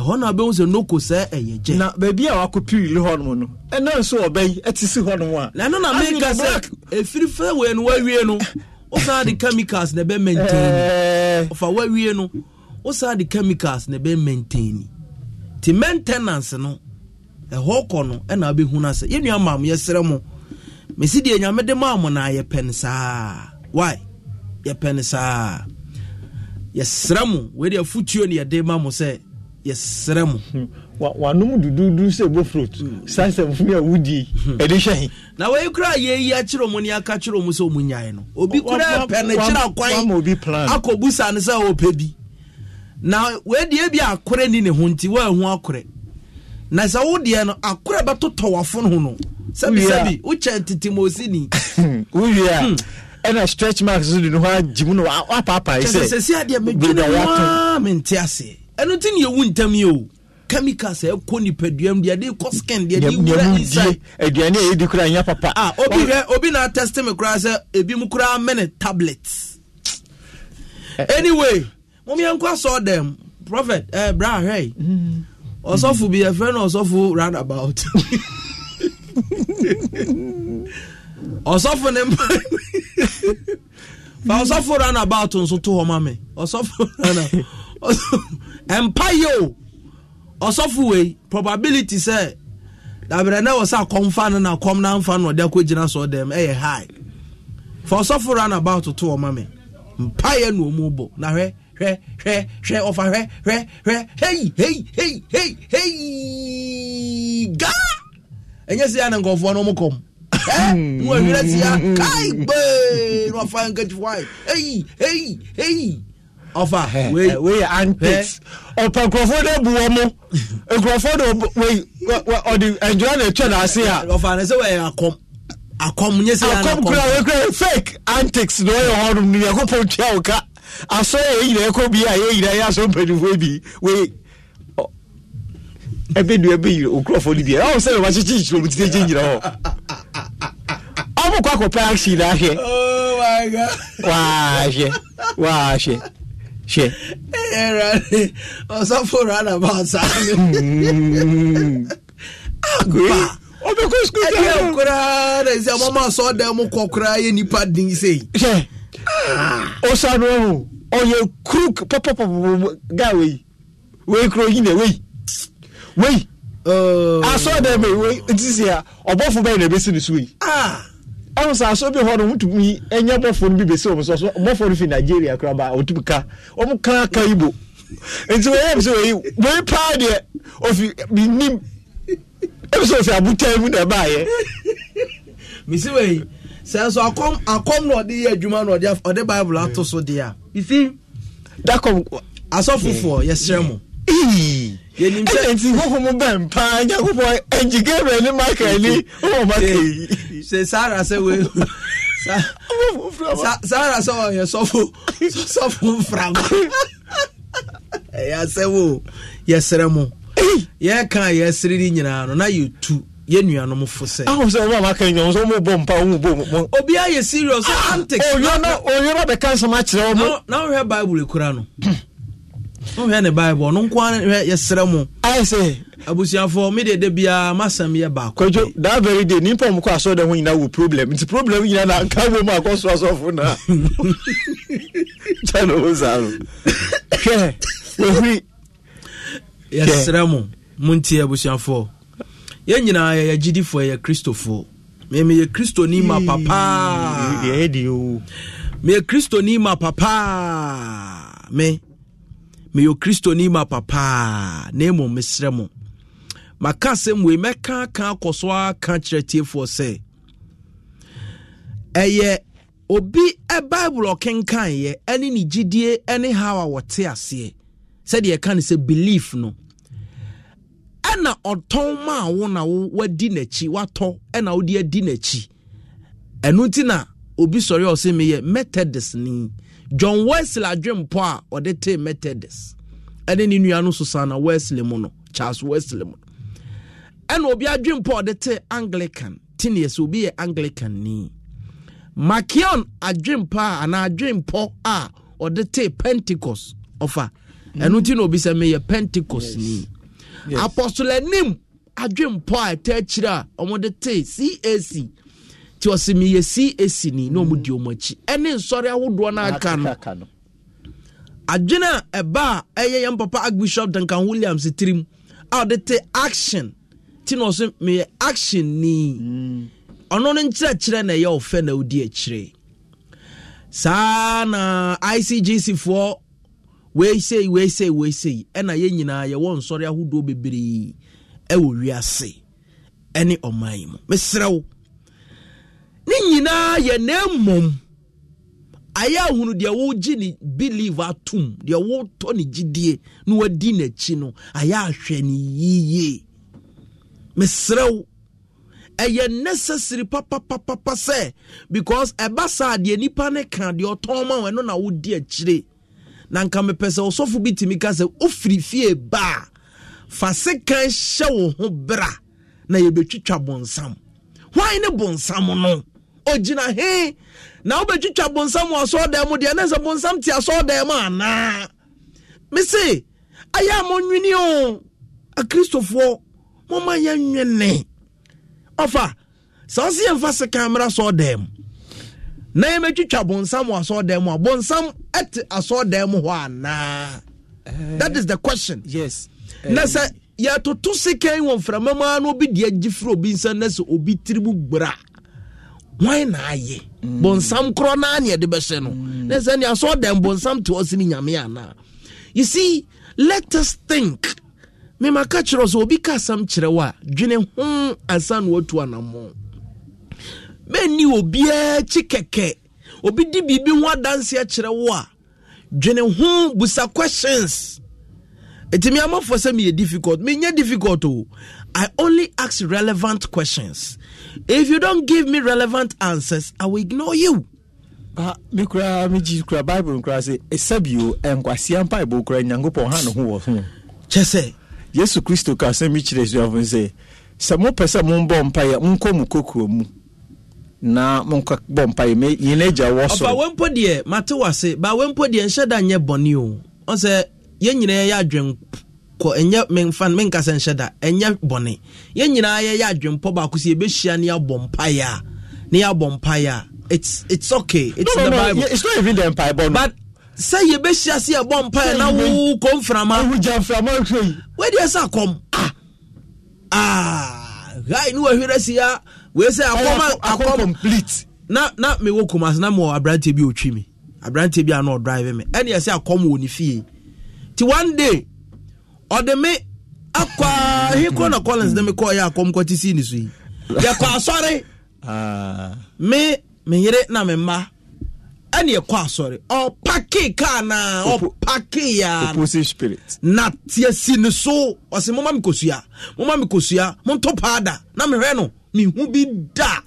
ɛhɔ na bɛhu sɛ noko sɛ ɛyɛ gye na baabi a wakɔ pii hɔnom no ɛna nso ɔbɛyi ɛte si hɔnom a na ɛno na meka sɛ ɛfiri fɛ wei no wawie no wosaa de chemicals na ɛbɛ maintain ɔfa wawie no wosaa de chemicals na ɛbɛ maintain nti maintenance no ɛhɔ kɔ no ɛna wabɛhu no sɛ yɛnua maam yɛserɛ mo mesi deɛ nyame de maa mo na yɛpɛ saa why yɛpɛ no saa yɛserɛ mo wei de afotuo ne yɛde ma mo sɛ yɛsrɛ mu hmm. wanom dududu sɛ ɛbɔ frot hmm. saa sɛmfo no a wodie hmm. ɛde hyɛ na wei kora a yɛyi akyerɛ mu ne aka kyerɛ mu sɛ ɔmu nyae no obi kora pɛ ne kyerɛ kwan akɔbu sa no sɛ ɔpɛ bi na weidie bi akorɛ ni ne ho nti woahu akorɛ na sɛ wodeɛ no akorɛ bɛtotɔ wafo no ho no sɛbisɛbi wokyɛ ntetemmɔsi ni wowie a ɛna stretch mark so de ne ho agye mu no wapaapae sɛ sɛsi adeɛ medwene ho a mente ɛno ti na yɛwu ntam yi o chemicals ɛkɔ nipaduam deɛ de kɔ skin deɛ de wura inside aduane a yɛdi kora nya papa ah obi hwɛ obi na test me koraa sɛ ebi mu koraa mene tablet anyway mom yɛnkɔ asɔ dɛm prophet eh, bra hwɛ ɔsɔfo mm-hmm. bi yɛfrɛ no ɔsɔfo round about ɔsɔfo ne mpa fa ɔsɔfo round about nso to hɔ ma me ɔsɔfo round about mpa yi o ɔsɔfo wei probability sɛ dabrɛ na wɔ sɛ akɔmfa no na akɔm na mfa no ɔde akɔgyina so ɔdɛm ɛyɛ high fa ɔsɔfo ran about to ɔma me mpa na ɔmu bɔ na hwɛ hwɛ hwɛ hwɛ ɔfa hwɛ hwɛ hwɛ hei hei hei hei hei ga ɛnyɛ sɛ yɛ nkɔfoɔ no ɔmokɔm mu ahwerɛ sia kai gbee na ɔfa hei hei ọfà eh, eh, wei antics eh. ọ̀pọ̀ nkurọ̀fọ́ dẹ̀ bu wọ́n mu nkurọ̀fọ́ dẹ̀ wei ọ̀dì ẹ̀dùrà dẹ̀ twẹ̀ n'ase a. ọfà ní sẹ́wọ̀ ẹ̀yà kọ́m akọ́m nyé sẹ́yà n'akọ́m. akọ́m kura wei kura fake antics ni ọ̀yọ̀ hɔ nom nìyẹn kó pọ̀ ntua ọ̀ka yẹ eyina ẹkọ bi a yẹ eyina yẹ asọ mpanyinfo bi wei ẹbẹ du ẹbẹ yiri nkurọ̀fọ́ ni bi ẹ ọ̀hún sẹ́yìn wọ́n akyekyere ìkyerẹ́ omi títí gyina hɔ ọmọ kọ akọpẹ action ahwẹ wàá ahwẹ wàá ṣe. ẹ ra ni ọsọfún rana máa sá mi. àgbà ọbẹ kó sukuu tẹ ẹ. ẹ kura ẹ sẹ ọmọ máa sọ ọdẹ mu kọ kura yẹ nípa dín sè. ṣe ah. ọsàdùn ọhún ọyẹ kuruk pọpọpọpọ gáà wẹyì wẹyì kúrò yìí nà wẹyì wẹyì oh. asọ ọdẹ mi wẹyì ti sè ya ọbọfún bẹẹ nà ẹbẹ sí ni sùn yìí. Ah. ɛwɔ sɛ aso bi hɔ no wotumi ɛnyɛ bɔfoɔ no bi so so bɔfoɔ no fi nigeria koraba ɔtumi ka aka ibo nti wɔyɛ sɛ wɔyi wɔyi paa deɛ ɔfi menim ɛbi sɛ ɔfi abotan mu na ɛbaayɛ mesi wɔyi sɛ akɔm akɔm na ɔde yɛ adwuma na ɔde so deɛ ya ifi dakɔm asɔfofoɔ yɛsrɛ ɛyɛ nti hohom bɛn paa nyankopɔn agyi gabriel ne michael ni hohom aka yi eh, sɛ sara sɛ wei sara sɛ ɔyɛ sɔfo sɔfo mframa ɛyɛ asɛm o yɛsrɛ mo yɛka yɛsere no nyinaa no na yɛtu yɛ nuanom fo sɛ ahom sɛ ɔma maka nyɔm sɛ ɔmobɔ mpa ɔmubɔ obiaa yɛ serious ah! antics ɔwɛ na bɛka nsɛm akyerɛ wɔ mo na wohwɛ bible kura no wohwɛ ne bible no nko ahwɛ yɛserɛ mu sɛ abusuafoɔ mede da biaa masɛm yɛ baako that very day nipa mkɔ asɔda ho nyina wɔ problem nti problem nyina na anka wɔ mu akɔ so asɔfo no a kyɛ no wo saa no hwɛ wɔhuri yɛserɛ mo montie abusuafoɔ yɛn nyinaa yɛyɛ gyidifoɔ yɛ kristofoɔ meyɛ kristoni ma papaa meyɛ kristoni ma papa. me meyɛ kristoni ma papaa na mmom mesrɛ mo maka asɛm wei mɛka ka akɔ so aka kyerɛ tiefoɔ sɛ ɛyɛ obi bible ɔkenkaneɛ ne ne gyidie ne haw a wɔte aseɛ sɛdeɛ ɛka no sɛ belief no ɛna ɔtɔn maa wo na wadi n'akyi watɔ ɛna wode adi n'akyi ɛno nti na obi sɔre a ɔsɛ meyɛ methodist ni john wesley adwempo a ɔde tee methodist ɛne ne nua no susana wesley mu no charles wesley mu ɛna obi adwempo a ɔde tee anglican tineɛ sɛ obi yɛ anglican ni makion adwempo a anaa adwempo a ɔde tee pentecost ɔfa ɛno ti na obi sɛ meyɛ pentecost ni yes. apostolanim adwempo a ɛtɛ akyire a ɔmode tee cac nti ɔsi miyɛ si esi ni na ɔmo di ɔmo akyi ɛne nsɔre ahodoɔ n'aka no adwene a ɛba a ɛyɛ yɛn papa archbishop duncan williams tirim a ɔde te action ti na ɔso miyɛ action ni mm. ɔno no nkyerɛkyerɛ na ɛyɛ ɔfɛ na ɔdi akyire saa na icgc foɔ weisei weisei weisei ɛna yɛn nyinaa yɛwɔ nsɔre ahodoɔ bebree ɛwɔ wiase ɛne ɔman mu mesrɛ wo. ne nyinaa yɛ na mmom ayɛ ahunu deɛ wogye ne believe atom deɛ wotɔ ne gyidie na wadi n'akyi no ayɛ ahwɛ ne yie mesrɛ ɛyɛ necessary papapapa sɛ because ɛba saa deɛ nipa ne ka deɛ ɔtɔn ma wɔn ɛno na wodi akyire na nka mepɛ sɛ ɔsɔfo bi tumi ka sɛ ofiri fie baa fa sekan hyɛ wo ho bra na yɛbɛtwitwa bɔnsam hwan ne bɔnsam no ogyina he na wobɛtwitwa bonsam wɔ asɔɔdan deɛ ne sɛ bonsam te asɔɔdan mu anaa mese ayɛ a monwene o akristofoɔ moma yɛnwene ɔfa saa ɔse yɛmfa sekan mmra asɔɔdan na yɛmɛtwitwa bonsam wɔ asɔɔdan mu a bonsam te asɔɔdan mu hɔ anaa eh. that is the question yes na eh. sɛ yɛtoto sekan wɔ mframa mu a obi deɛ gye firi obi nsa na sɛ obi tiri mu gbraa Why na ayɛ But korɔ naa ne yɛde bɛhyɛ no mm. na sɛ nea sɛ ɔdɛn bonsam to ɔse ne nyame anaa you see let us think memaka kyerɛ sɛ obi ka asɛm kyerɛ wo a dwene ho ansa na watu anammɔ bɛnni obiaa kyi kɛkɛ obi di biribi ho adanseɛ kyerɛ wo dwene ho busa questions ɛtumi amafoɔ sɛ meyɛ difficult menyɛ difficult o i only ask relevant questions if you don't give me relevant answers i will ignore you ah, me koraa megye kora bible koraa sɛ ɛsabio ɛnkwaseɛ mpaebɔ kora nyankopɔn ha ne ho wɔ ho kyɛ sɛ yesu kristo ka sɛ mekyerɛ asuafo sɛ sɛ mopɛ sɛ mombɔ mpaeɛ monkɔ mu kokoa mu na monkɔ bɔ mpaeɛ me yɛn agya wɔ so ɔba wempo deɛ mate wase ba wempo deɛ nhyɛ da nyɛ bɔne o ɔsɛ yɛn nyinaa yɛ adwen kɔ ɛnyɛ mmefa menka sɛ nhyɛ da ɛnyɛ bɔne yɛn nyinaa yɛyɛ adwempɔ baako sɛ yɛbɛhyia ne yɛabɔ mpaeɛ a ne yɛabɔ mpaeɛ a it's it's okay it's no, no, the bible no, it's not even the mpaebɔ but sɛ yɛbɛhyia sɛ yɛbɔ mpaeɛ na wo kɔ mframa wogya mframa hwɛ yi wadeɛ sɛ akɔm ah gai ah! ne wahwerɛ si ya wei sɛ akɔm akɔm complete na na mewɔ kumase na mewɔ aberanteɛ bi ɔtwi me aberanteɛ bi a na ɔdrive me ɛne ɛsɛ akɔm wɔ ne fie nti one day ɔde me akɔ he kɔ na collins de me kɔ yɛ akɔm kɔte sii ne so yi yɛkɔ asɔre ah. me meyere na me mma ɛne yɛkɔ asɔre ɔpake kaa naa ɔpake yaa na teasi ne so ɔse moma mekɔsua moma mekɔsua monto paada na mehwɛ no mehu bi da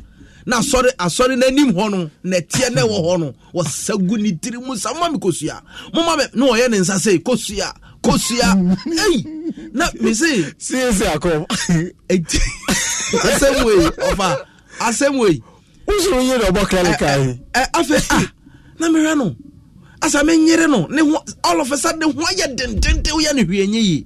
na asɔre asɔre n'anim hɔ no nɛteɛ na ɛwɔ hɔ no wɔsa gu ne tiri mu sa mma mi kosua mma mi na wɔyɛ ne nsa sɛ kosua kosua ɛyi na mi se. siesie akɔm. eti asɛm wei ɔfa asɛm wei. wosoro yie na ɔbɔ kari kan. ɛ afɛ a na mi hwɛ no asa mi nyere no ne ho all of a sudden ne ho ayɛ dendenden yɛ ne hwɛ nye yie.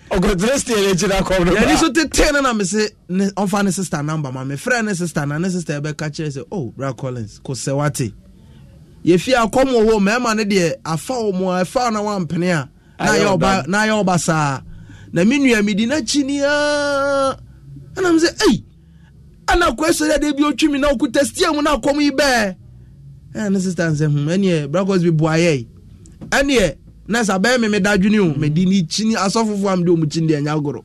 yɛne so tetee no na mese ɔmfa ne sister namba, ma mefrɛ ne sister na ne sister ɛbɛka kyerɛ sɛ oh, bra collins kosɛ wate yɛfie akɔm wɔ hɔ mmarima no deɛ afa wɔ mu a ɛfa na wampene a na ayɛ ɔba saa na me nua medi n'akyi ni aa ɛnam sɛ ei ana kɔ ɛsɛ dɛ bi otwi mi na okuta stia mu na akɔm yi bɛɛ ɛna ne sister nsɛ hmm ɛneɛ collins bi bu ayɛ ɛneɛ na sɛ abɛyɛ meme da adwene o mede ne kyini asɔfofoɔ am di ɔmu kyini deɛ ɛnya goro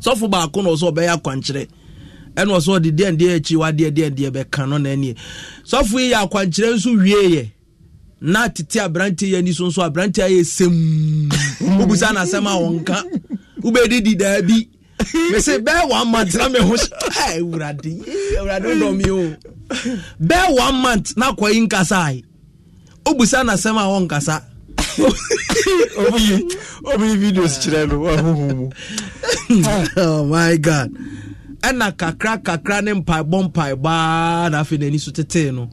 sɔfo baako na ɔsɛ ɔbɛyɛ akwankyerɛ ɛna ɔsɛ ɔde deɛ akyi wa deɛ no na ɛnie sɔfo yi yɛ akwankyerɛ nso na tete aberanteɛ yɛ so nso aberanteɛ ayɛ sɛm a wɔnka wobɛdidi daabi mese bɛɛ one month na me ho o bɛɛ na a nkasa. omuyi videos kyerɛ no wahohu mu my god ɛna kakra kakra ne mpaebɔ mpaebaa na afei n'ani so tete no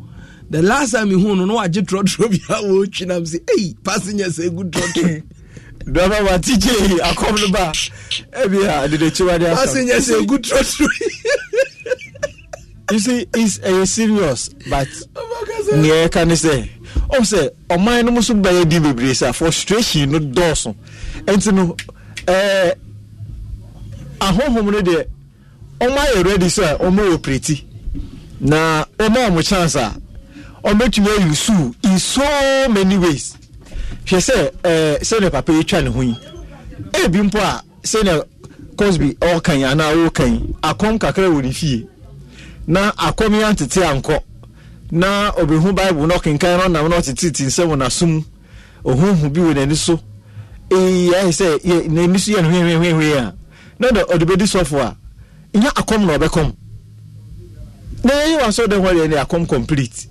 the last time mehu no na wagye trɔtrɔ bia wɔtwi nam sɛ ei passenger sɛ gu trɔtrɔ dɔba wa tikye akɔm no ba ebia dedekyiwa de asam passenger sɛ gu trɔtrɔ you see it's a eh, serious but oh ngeɛ ka ne ɔm sɛ ɔman no mu nso bɛyɛ di bebree frustration no dɔɔso ɛnti no ɛɛ no deɛ ɔmo ayɛ ready sɛ ɔmo na ɔmo ɔmo chance a ɔmɛtumi ayi suu in so many ways hwɛ sɛ ɛɛ sɛnɛ papa yi twa ne ho yi ebi mpo a sɛnɛ ɔɔkan anaa ɔɔkan akɔm kakra wɔ ne fie na akɔm yi antete ankɔ. na obɛhu bible na ɔkenkan no nam na ɔtetetete nsɛm na so mu bi n'ani so sɛ n'ani so yɛ no a na da ɔde bɛdi sɔfo a nya akɔm na ɔbɛkɔm na yɛyɛ wɔ asɔrɔ dɛm ne akɔm complete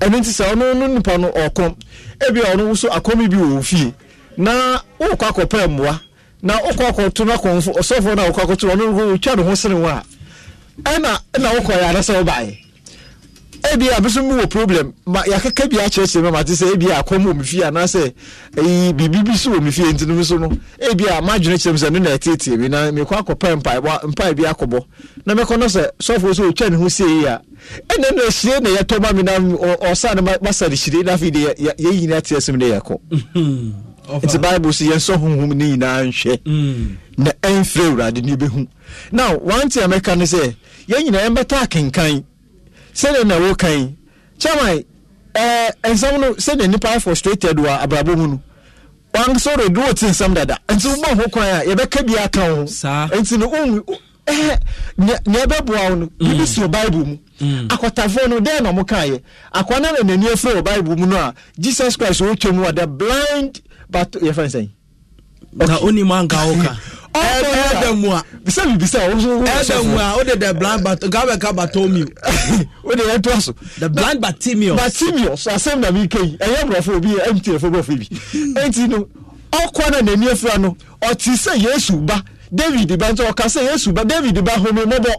sɛ ɔno no nipa no ɔkɔm ebi ɔno nso akɔm bi wɔ fie na wɔkɔ akɔpɛ mmoa na wɔkɔ na kɔnfo ɔsɔfo na wɔkɔ akɔto ɔno no ne ho ebi a bɛsɛ mu wɔ problem ma yɛakeka bi akyerɛkyerɛ mi ma te sɛ ebi a akɔm wɔ me fie anaasɛ eyi biribi bi so wɔ me fie nti no so no ebi a madwene kyerɛ mi sɛ no na ɛteetee mi na mekɔ akɔpɛ mpaebɔ mpae bi akɔbɔ na mɛkɔ no sɛ sɔfo sɛ ɔtwa ne ho sei yi a ɛnɛ no ahyire na yɛtɔ ma mi na ɔsa no masa no hyire na afei de yɛyi ne ateɛ sɛm ne yɛkɔ mm-hmm. nti bible so yɛnsɔ honhom ne nyinaa nhwɛ mm. na ɛmfrɛ awurade ne bɛhu now one thing a mɛka ne sɛ yɛn nyinaa yɛmbɛtɔ akenkan sɛdeɛ na ɛwɔ kan chairman ɛɛ eh, nsɛm no sɛdeɛ nipa frustrated wa abrabɔ mu no wɔn nso de duro ti nsɛm dada nti wɔn ho kwan a yɛbɛka bi aka ho nti no ohun ɛɛ eh, nea ɛbɛboa wo no mm. bibi si wɔ bible mu mm. akɔtafoɔ no dɛn na wɔn kan yɛ akɔn na n'ani efura wɔ bible mu no a jesus christ wɔn twɛ mu wɔ the blind but yɛfɛn sɛn. na onim anka ɔka. ɛda mu a bisa bibisa ɛda mu a wode the blind bat gabɛka batomiu wode ɛtoa so the blind batimius batimius asɛm na meka yi ɛyɛ borɔfo obi mtfo borɔfo bi ɛnti no ɔkɔ na n'ani afura no ɔte sɛ yesu ba david ba nti ɔka sɛ yesu ba david ba homemɔbɔ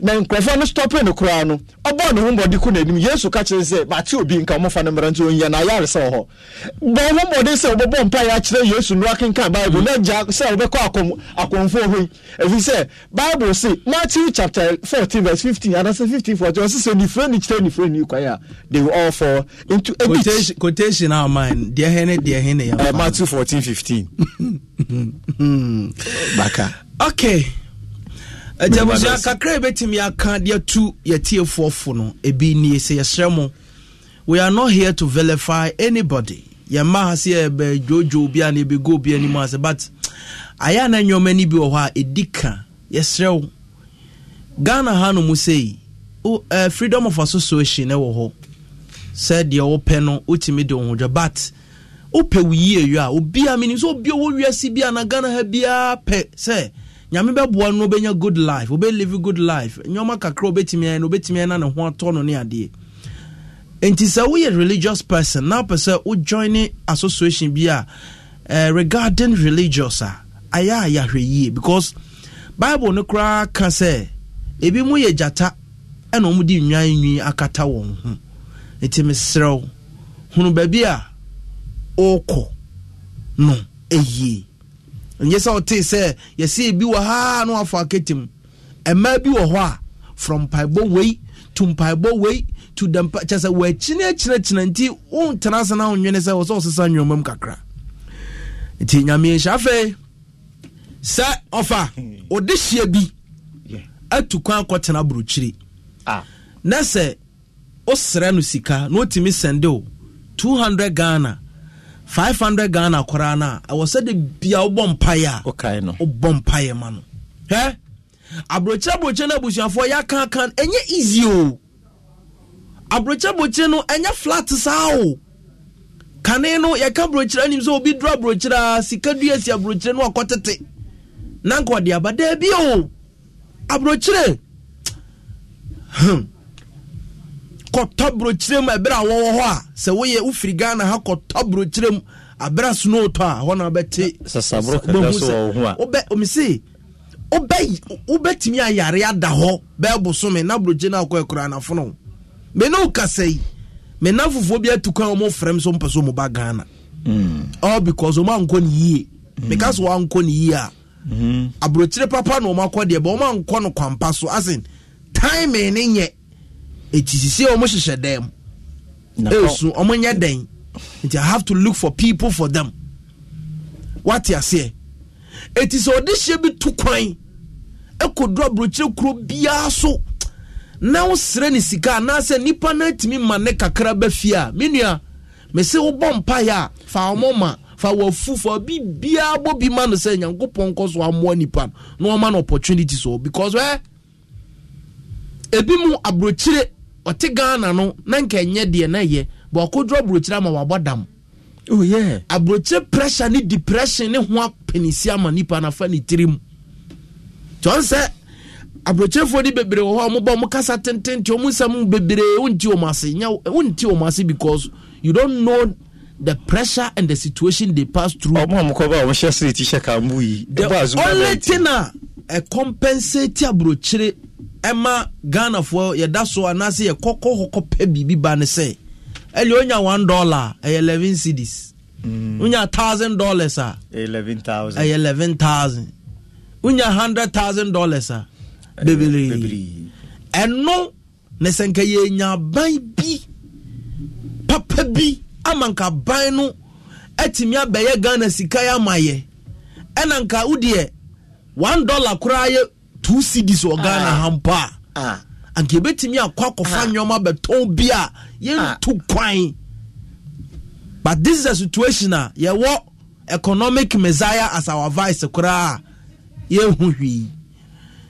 na nkurɔfoɔ no stɔpere no koraa no ɔbɔɔ ne ho mmɔde ko n'anim yesu ka kyerɛ sɛ bate obi nka ɔmɔfa no mmara ɔnyɛ na ayare sɛ wɔ hɔ bɔɔ ho mmɔde sɛ mpaeɛ akyerɛ yesu no akenkan bible na sɛ akɔm akɔmfoɔ hɔ yi ɛfiri sɛ bible se matthew chapter 14 verse 15 15 14 sɛ ni kyerɛ ni kwan a they all fall into a quotation our eh, matthew 14 ɛti abusua kakra ebetumi aka deɛ tu yɛtiefoɔ fo no ebi nie sɛ yɛsrɛ mo we are not here to vilify anybody yɛn mma ha sɛ ɛbɛ dwoodwoo bi a na ebi go bi anim ase but ayɛ a na nneɛma ni bi wɔ hɔ a edi ka yɛsrɛ wo ghana ha no mu sɛ o ɛɛ freedom of association ɛwɔ hɔ sɛ deɛ wɔpɛ no wotumi de wɔn dwa but wopɛ wo yie yio a obi a menim sɛ obi a wɔwia si bi a na ghana ha biara pɛ sɛ nyame bɛboa no wobɛnya good life wobɛlive good life nneɔma kakra wobɛtumi ayɛ no wobɛtumi ayɛ na ne ho atɔ no ne adeɛ nti sɛ woyɛ religious person na wopɛ sɛ wojoine association bi a uh, regarding religious a ayɛ a yɛahwɛ yie because bible no koraa ka sɛ ebi mu yɛ gyata ɛna wɔn de nnwan nwi akata wɔn ho nti meserew hunu baabi a ɔrekɔ no ɛyie. E ɛnyɛ sɛ ɔtee sɛ yɛsɛ bi wɔ haa na wafɔ aketem mmaa bi wɔ hɔ a from mpaebɔ wei to mpaebɔ wei to dampa kyɛ sɛ wɔakyine akyinakyina nti wontena ase na wonwene sɛ wɔ sɛ ɔsesa nnwoma mu kakra nti nyame hyɛ afei sɛ ɔfa hmm. ɔde hyeɛ bi atu kwan kɔtena burokyiri ah. na sɛ wosrɛ no sika na ɔtumi sɛnde wo 200 ghana Five hundred ghana koraa no a ɛwɔ sɛ de bia wobɔ mpaeɛ a wobɔ mpaeɛ ma no hɛ aburokyerɛ aburokyerɛ no abusuafoɔ yɛakaka ɛnyɛ easy o aburokyerɛ aburokyerɛ no ɛnyɛ flat saa o kane no yɛka aburokyerɛ anim sɛ obi duro aburokyerɛ a sika dua si aburokyerɛ no akɔtete na nka ɔde aba daa bi o aburokyerɛ hmm kɔtɔ burokyire mu ɛbɛrɛ a wɔwɔ hɔ a sɛ woyɛ wofiri ghana ha kɔtɔ burokyire mu abɛrɛ snow tɔ a hɔ na wobɛte sasaburo wobɛtumi ayare ada hɔ bɛɛ bosome na burokyire na akɔ ɛkura anafono mɛ n'o kasa yi mɛ na fufuo bi atu kwan wɔn fɛrɛ mu so mpɛ so mo ba ghana hmm. all because wɔn ankɔ ni yie mm. because wɔn ankɔ yie a mm. papa na wɔn akɔ deɛ bɛ wɔn ankɔ no kwampa so asin time ne nyɛ ɛti sisi ɔmo hyehyɛ dɛm ɛsu ɔmo nyɛ dɛn nti i have to look for people for them wate aseɛ ɛti sɛ ɔde hyɛ bi to kwan ɛkɔ do aburokyire kuro biara so na wosrɛ ne sika anaasɛ nipa no atumi ma ne kakra ba fie a me nua mese wobɔ mpaeɛ a fa ɔmo ma fa wafu fa bi biara bɔ bi ma no sɛ nyankopɔn nkɔ so amoa nipa no na ɔma no opportunity so because ɛ ebi mu aburokyire ɔte ghana no na nka ɛnyɛ deɛ na ɛyɛ but ɔkodoro aburokyire ama wabɔ dam oh, yeah. aburokyire pressure ne depression ne ho apanisi ama nipa nafa ne tiri tɔn sɛ aburokyerefoɔ ni bebree wɔ hɔ a wɔn bɔ wɔn kasa tenten te wɔn nsɛm bebree wɔnti wɔn ase nya wɔnti wɔn ase because you don't know the pressure and the situation they pass through. ọmọ àmukọ bá wọn ṣe ṣe ti ṣe kàmú yìí. the only thing na. ɛkɔmpɛnsɛti aburokyire ɛma ghanafoɔ yɛda so anaasɛ yɛkɔkɔ kɔkɔpɛ biribi ba ne sɛ ɛlɛ onya one dollar ɛyɛ eleven cedis wonya mm. thousand dollars a ɛyɛ eleven thousand wonya hundred thousand dollars a bebree ɛno ne sɛ nka yɛnya ban bi papa bi ama nka ban no atumi abɛyɛ ghana sika yɛ ama yɛ ɛna nka wodeɛ one dollar koraa yɛ two cds wɔ ghana ah. ha mpo a ah. anka yɛbɛtumi akɔ akɔfa ah. nneɛma bɛtɔn bi a yɛntu kwan but this is a situation a yɛwɔ economic messiah as our vice koraa yɛhu hwii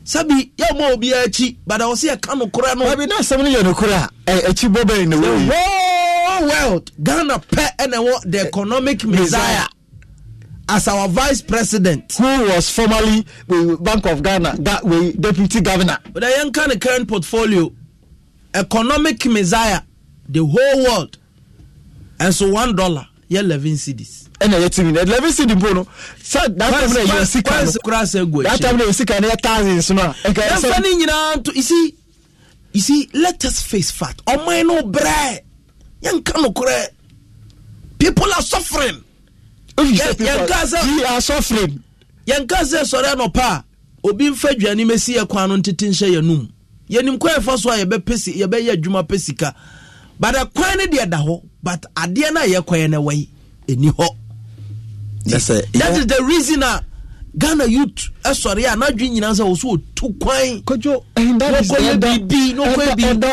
sabi yɛ mɔ obiara akyi but ɛwɔ sɛ yɛka nokorɛ no abi na asɛm no yɛ nokorɛ a akyi bɔ bɛn na wɔyi the whole world ghana pɛ ɛna ɛwɔ the economic messiah as our vice president. who was formerly uh, bank of ghana ga uh, deputy governor. but yẹn ká ní current portfolio economic messiah the whole world and so one dollar yẹ eleven cedis. ɛna yɛ timi eleven cedi mpo no that time na yɛ sika no that time na yɛ sika no yɛ thousands no a. yɛn fɛ ni nyinaa nto you see you see let us face fact ɔmo yɛn no brɛ yɛn ka no korɛ people are suffering if you say people they are suffering. yɛn ka sɛ sɔrɔ ɛnɔpa a obi nfa aduane mesi yɛ kwan no ntete nhyɛ yɛn num yɛnim kwan ɛfa so a yɛbɛ pesi yɛbɛyɛ adwuma pe sika but kwan ne deɛ da hɔ but adeɛ no a yɛ no wɔyi ɛni hɔ. that is the reason a ghana youth ɛsɔre a n'adwi nyinaa sɛ wɔso otu kwan. kojú and that is the order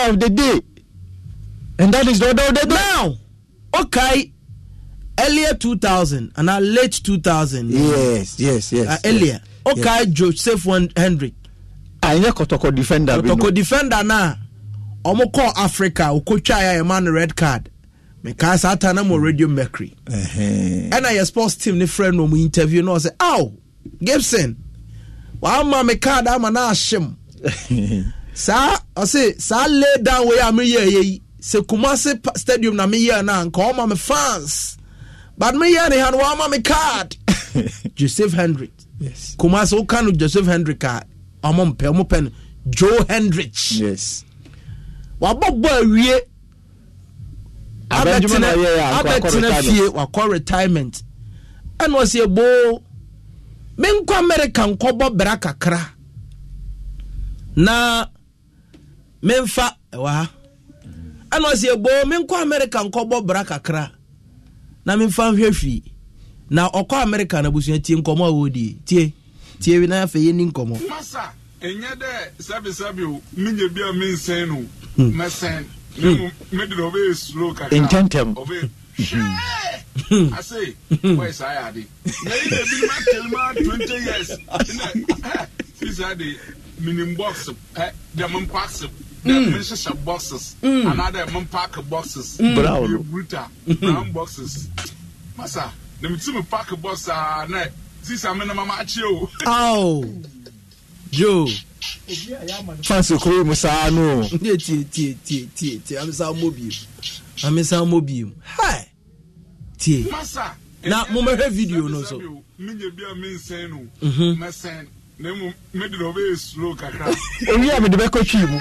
of the day and that is the order now okay earlier 2000 and late 2000. yes yes yes. Uh, earlier yes. okay yes. joseph hendrick. àyẹ̀ ah, kọ̀tọ̀kọ̀ defender bi no kọ̀tọ̀kọ̀ defender na, ọmọ kọ́ africa okotwa ayé ẹ̀ man red card mẹka saa ata na mo radio mercury ɛna yɛ sports team ne friend no mu interview na ɔsɛ aw gibson wàá me card ama na ahyem saa ɔsɛ saa lay down wei a meyɛ yɛ yi sɛ kumase stadium na meyɛ na nka ɔma me fans but me here they had one me card Joseph Hendrick yes Kumasi no Joseph Hendrick a ọmọ mpẹ ọmọ pẹ no Joe Hendrick yes wabọ bọ awie abẹtena abẹtena fie wakọ retirement ẹna ọsẹ eboo me nkọ America nkọbọ bẹrẹ kakra na me nfa ẹwà ẹna ọsẹ eboo me nkọ America nkọbọ bẹrẹ kakra na memfa nhwɛ fii na ɔkɔ amerika na abusua tie nkɔmmɔ a wɔdie tie tie wi na afei yɛni nkɔmmɔ ɛnyɛ dɛ sɛbesɛbe o menyɛ bi a mensɛn no hmm. mɛsɛn hmm. mede na ɔbɛyɛ slow kakantɛntɛm hmm. ase wɔyɛ saa yɛ ade twenty years na sisa de minim box Eh, mpɔ asɛm Mm. boxes mm. anaadɛ mempaake boxes. Hmm. Brown. bruta hmm. brown boxes. Masa na mi ti mi box a na sisa mi na mama akyi o. Aw Joe. Fansi kuro mu saa no. Tie tie tie tie tie tie amisa mo bi mu amisa mo bi mu hi tie. Masa. na eh, mo mɛhwɛ video eh, no eh, so. Minya bi a mi nsɛn no. Mɛsɛn na emu mi de na ɔbɛ yɛ slow kakra. Owi mi de bɛ kɔ twi mu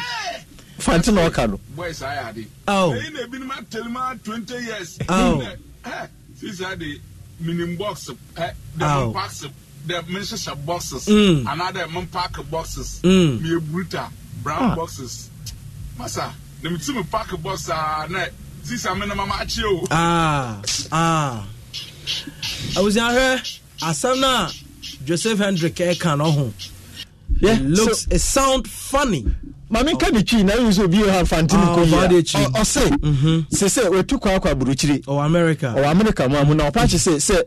fanti na ɔka no. boys ayɛ ade. awo oh. eyi na ebinom atɛlɛ ma twenty years. Oh. awo ɛ sisan de mini box ɛ dɛm box dɛm nhyehyɛ boxes. Mm. anaa dɛ mo paaki boxes. mi mm. eburu ta brown ah. boxes. masa na mi ti mi paaki box aa na sisan mi na ma ma akyi o. aa ah, aa ah. awusia hwɛ asam na joseph hendrick ɛka na ɔho. Yeah, it looks so, it sound funny maame nka ne twii na ewu sɛ obi ha fante ne ah, kɔ yie a ɔse mhm. sɛ sɛ wetu kɔ akɔ aburukyire ɔwɔ america ɔwɔ america mu amu na ɔpa akyi sɛ sɛ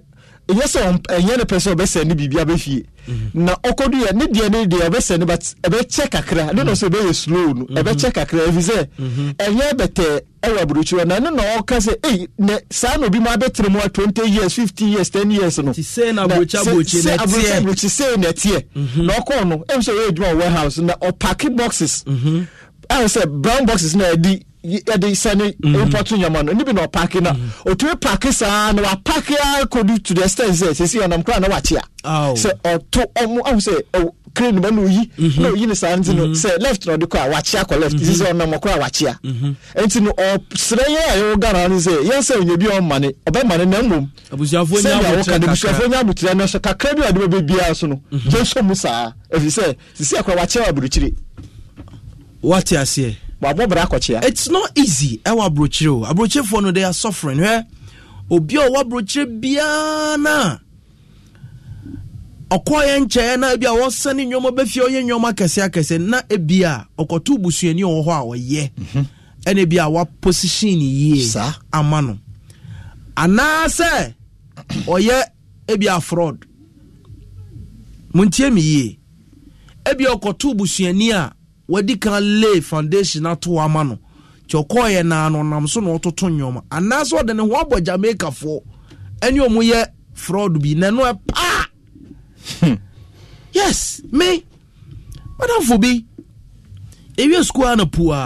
ɛnyɛ sɛ ɛnyɛ ne pɛ sɛ ɔbɛsɛn ne biribi abɛfie mhm. na ɔkɔdu yɛ ne deɛ ne deɛ ɔbɛsɛn ne but ɛbɛkyɛ kakra ne na sɛ ɛbɛyɛ slow no mhm. ɛbɛkyɛ kakra ɛfi sɛ mhm. ɛnyɛ bɛtɛ ɛwɔ aburokyiwa na ne na ɔka sɛ ɛyi ne saa na obi ma abɛtene mu a twenty years fifty years ten years no sɛ aburokyi aburokyi sɛ na ɛteɛ na ɔkɔɔ no ɛmu sɛ ɔyɛ adwuma wɔ warehouse na ɔpaki boxes ɛmu sɛ brown boxes na ɛdi yɛde sɛne mpɔto nyama no ne bi na ɔpake mm-hmm. no ɔtumi pake saa na wapake a kɔdu to the extent sɛ sɛsi ɔnam koraa na wakye a sɛ ɔto ɔmo ahu sɛ crane ma na oyi na oyi ne saa nti no mm-hmm. sɛ mm-hmm. left na ɔde kɔ a wakye akɔ left sisi sɛ ɔnam ɔkora wakye nti no ɔsrɛ eh, yɛn a yɛwɔ ghana no sɛ yɛn sɛ onye bi ɔmmane ɔbɛmane na mmom sɛdeɛ wɔka no abusuafoɔ nya abotire no so kakra bi a ɔde bɛbɛ biara so no gye nso mu saa ɛfiri eh, sɛ sisi akora wakye a aburukyire wate aseɛ it's not easy ɛwɔ aburokyire o aburokyirefoɔ no they are suffering hɛ obi a ɔwɔ aburokyire biara na ɔkɔɔyɛ nkyɛn na ebi a nneɛma ɔyɛ nneɛma akɛse na ebi a ɔkɔto busuani wɔ hɔ a ɔyɛ mhm. ɛna ebi a waposition yie ama no anaasɛ ɔyɛ ebi a fraud yie ebi a a. wadi kan lay foundation ato ama no kyɛ ɔkɔɔyɛ naa no nam so na ɔtoto nneɛma anaasɛ ɔde ne ho abɔ jamaicafoɔ ɛne ɔmo yɛ fraud bi n'ano ɛpaa hmm. yes me madamfo bi ewie school ano pua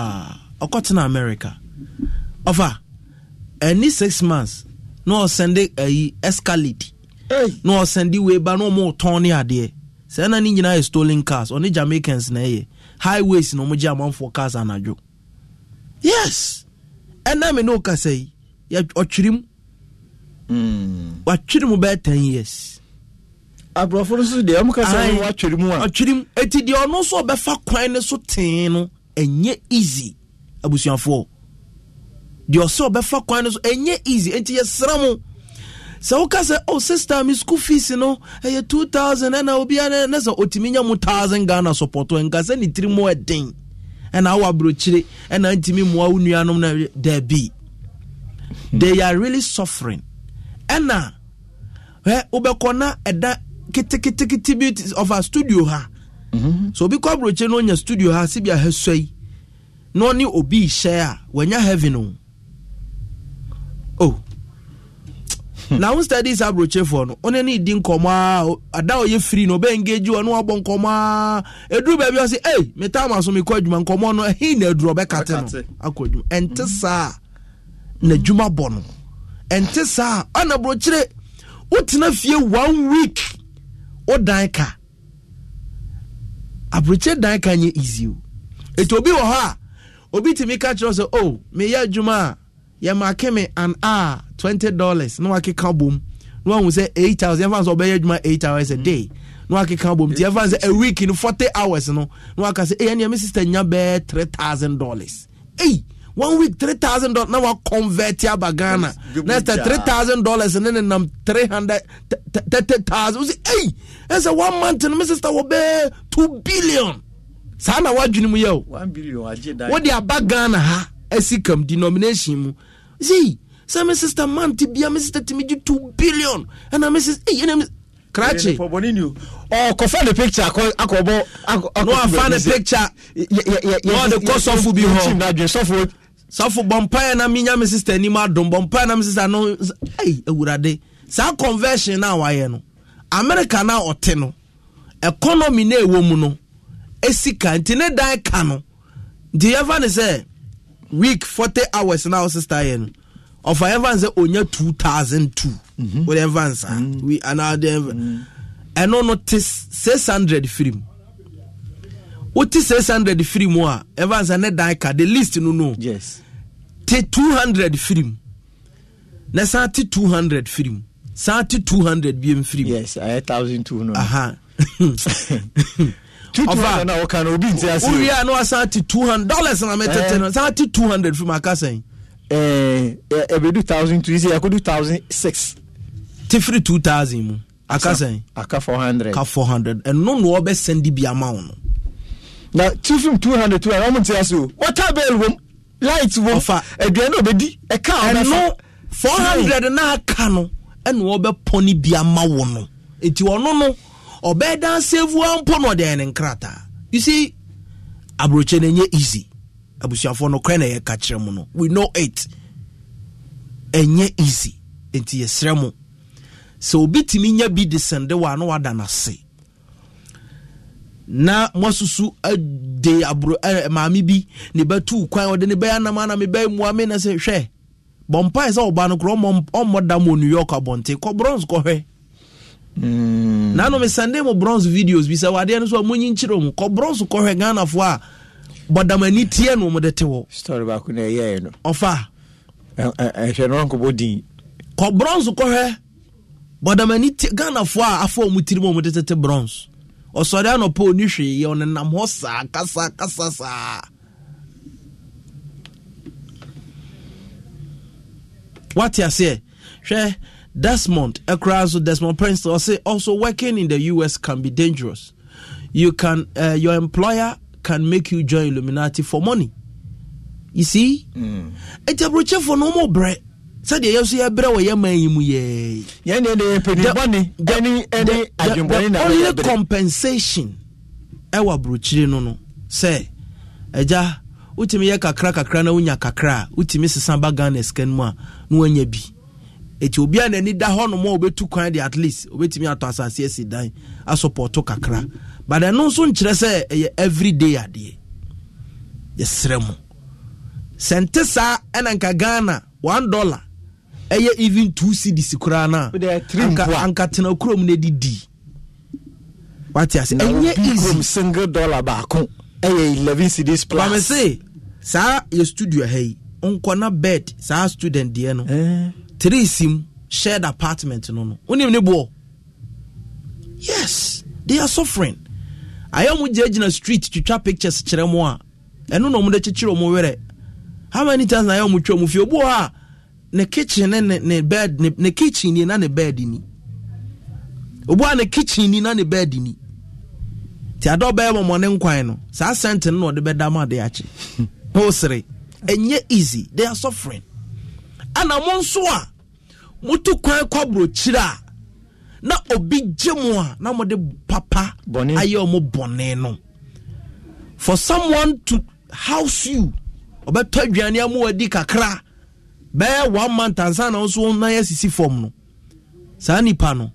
ɔkɔtena america ɔfa ɛni six months na ɔsɛnde ɛyi escalade na ɔsɛnde weba na ɔmo tɔn ne adeɛ sɛ ɛna ne nyinaa yɛ stolen cars ɔne jamaicans na ɛyɛ highways na ɔmogye amanfoɔ cars anadwo yes ɛna me ne wo kasa yi ɔtwerim hmm. watwere mu bɛyɛ 10 years aborɔfo no so deɛ ɔmo kasa no watwere mu a ɔtwerim eti deɛ ɔno nso ɔbɛfa kwan ne so tee no ɛnyɛ easy abusuafoɔ deɛ ɔsɛ ɔbɛfa kwan ne so ɛnyɛ easy enti yɛsrɛ mo sɛ woka sɛ o oh, sister me school fees no ɛyɛ 2000 ɛna obiara na sɛ ɔtumi nya mu 1000 ghana sɔpɔtɔ nka sɛ ne tiri mu ɛden ɛna awɔ aburokyire ɛna ntumi mmoa wo nuanom na daabi they are really suffering ɛna ɛ wobɛkɔ na ɛda keteketekete bi of a studio ha mm-hmm. so obi kɔ aburokyire na ɔnya studio ha sebi ahɛsɔ yi na ɔne obi hyɛ a wanya heaven o oh. na wo study saa aburokyefoɔ no ɔne ne di nkɔmɔ a ada ɔyɛ firi na ɔbɛn ngeji ɔne wabɔ nkɔmɔ a eduru baabi ɔsɛ ei metaa ma so mekɔ nkọma nkɔmɔ no ị na eduru ọbịa ɔbɛkate no akɔ adwuma ɛnte saa na adwuma bɔ no ɛnte saa ɔna ọ wotena fie one week wodan ka aburokyere dan ka nyɛ easy o etu obi wọ hɔ a obi tumi ka kyerɛ sɛ o meyɛ adwuma a. yɛmaake me an hour twenty dollars na wakeka bom na wahu sɛ eight hours yɛmfa sɛ ɔbɛyɛ adwuma eight hours a mm. day na wakeka bom nti yɛmfa sɛ a week no forty hours no na waka sɛ ɛyɛ neɛ me sister nya bɛɛ three thousand dollars ei one week three thousand dollars na waconvert aba ghana na ɛsɛ three thousand dollars ne ne nam three hundred thirty thousand wosi ei ɛsɛ one month no me sister wɔ bɛɛ two billion saa na wadwene mu yɛ o wode aba ghana ha asi kam denomination mu see sɛ me sister mante bia me sister tumi gye 2 billion ɛna me sister ɛyɛ ɛna me krache ɔkɔfa ne picture akɔbɔ akɔfa ne picture na ɔde kɔ sɔfo bi hɔ sɔfo bɔmpaeɛ na menya me sister anim adom bɔmpaeɛ na me sister no ei awurade saa conversion no a wayɛ no america no a ɔte no economy no ɛwɔ mu no ɛsika nti ne dan ka no nti yɛfa ne sɛ week forty hours na ɔsi star yɛ no ɔfa evans sɛ two thousand two wɔde evans a we anaa de ɛno no te six hundred firi mu wote six hundred firi mu a evans ne dan ka the list no no yes te two hundred firi mu na san te two hundred firi mu san te two hundred bi mu firi mu yes ayɛ thousand two no aha. ɔba na ɔka na obi nti ase wia na wasan ti two hundred dollars na mɛtɛtɛ na eh. san ti two hundred fi ma ka sɛn. ɛɛ ɛbɛdu thousand two sɛ yɛkɔdu thousand six. tifiri two thousand mu aka sɛn. aka four hundred. ka four hundred ɛno na ɔbɛ sɛndi bi ama wɔn. na tifiri two hundred two hundred ɔmo nti ase o water bill wɔm light wɔm ɔfa aduane obedi ɛka ɔbɛ fa ɛno four hundred na aka no ɛna ɔbɛ pɔni bi ama wɔn no eti ɔno no. ɔbɛɛdan sevuo mpo na ɔde ne nkrataa you see aburokye no nyɛ easy abusuafoɔ no kora na yɛ kakyere kyerɛ mu no we know it ɛnyɛ e easy nti yɛsrɛ mu sɛ obi tumi nya bi de sɛnde wa na wada n'ase na moasusu e de aburo eh, e, maame bi ne bɛtu kwan ɔde ne bɛyɛ anam anam bɛyɛ mua me na sɛ hwɛ bɔmpae sɛ ɔbaa no korɔ ɔmmɔ da mu new york abɔnten kɔborɔ nso kɔhwɛ Hmm. nanom Sande mu bronze videos bi sɛ wadeɛ no so a monyi nkyerɛ mu kɔ bronze kɔhwɛ ghanafoɔ a bɔdamani tiɛ no mode te wɔ ɔfa kɔ bronze kɔhwɛ bɔdamani ghanafoɔ a afa ɔmu tiri mu ɔmode tete bronze ɔsɔre anɔpɛ ɔni hwee yɛ ɔnenam hɔ saa kasa kasa saa wate aseɛ hwɛ Desmond Ekrazo Desmond Prince say also working in the US can be dangerous. You can uh, your employer can make you join Illuminati for money. You see? Hmm. It's a brochure for no more bread. sɛdeɛ yɛ so yɛbrɛ wɔ yɛ ma yi mu yɛi the only compensation ɛwɔ brochure no no Say, agya utimia kakra kakra na wonya kakra a wotumi sesa ba ghana no ɛti obi a n'ani da hɔnom a obɛtu kwan de at least obɛtumi atɔ asase asi dan asopɔto kakra but ɛno nso nkyerɛ sɛ ɛyɛ everyday adeɛ yɛsrɛ mu sɛnte saa ɛna nka ghana one dollar ɛyɛ even two cedis koraa no a anka tena kurom no di wate ase ɛnyɛ easy single dollar baako ɛyɛ eleven cedis plus Pamese, saa yɛ studio ha yi nkɔ na bed saa student deɛ no eh three sim shared apartment no no wonim ne boɔ yes they are suffering ayɛ mo gyinagyina street twitwa pictures kyerɛ mo a ɛno na ɔmode kyekyere ɔmo werɛ how many times na ayɛ ɔmo twa ɔmo fie obi wɔ a ne kitchen ne ne bed ne ne kitchen ni na ne bed ni obi wɔ a ne kitchen ni na ne bed ni ti adɔ bɛyɛ mɔmɔ ne nkwan no saa sɛnten na ɔde bɛda ma de akyi na ɔsere ɛnyɛ easy they are suffering ɛna mo nso a motu kwan kɔ burokyire a na obi gye mu a na mode papa ayɛ ɔmo bɔne no for someone to house you ɔbɛtɔ aduane amu wadi kakra bɛyɛ one month ansa na nso wɔn nan asisi fam no saa nipa no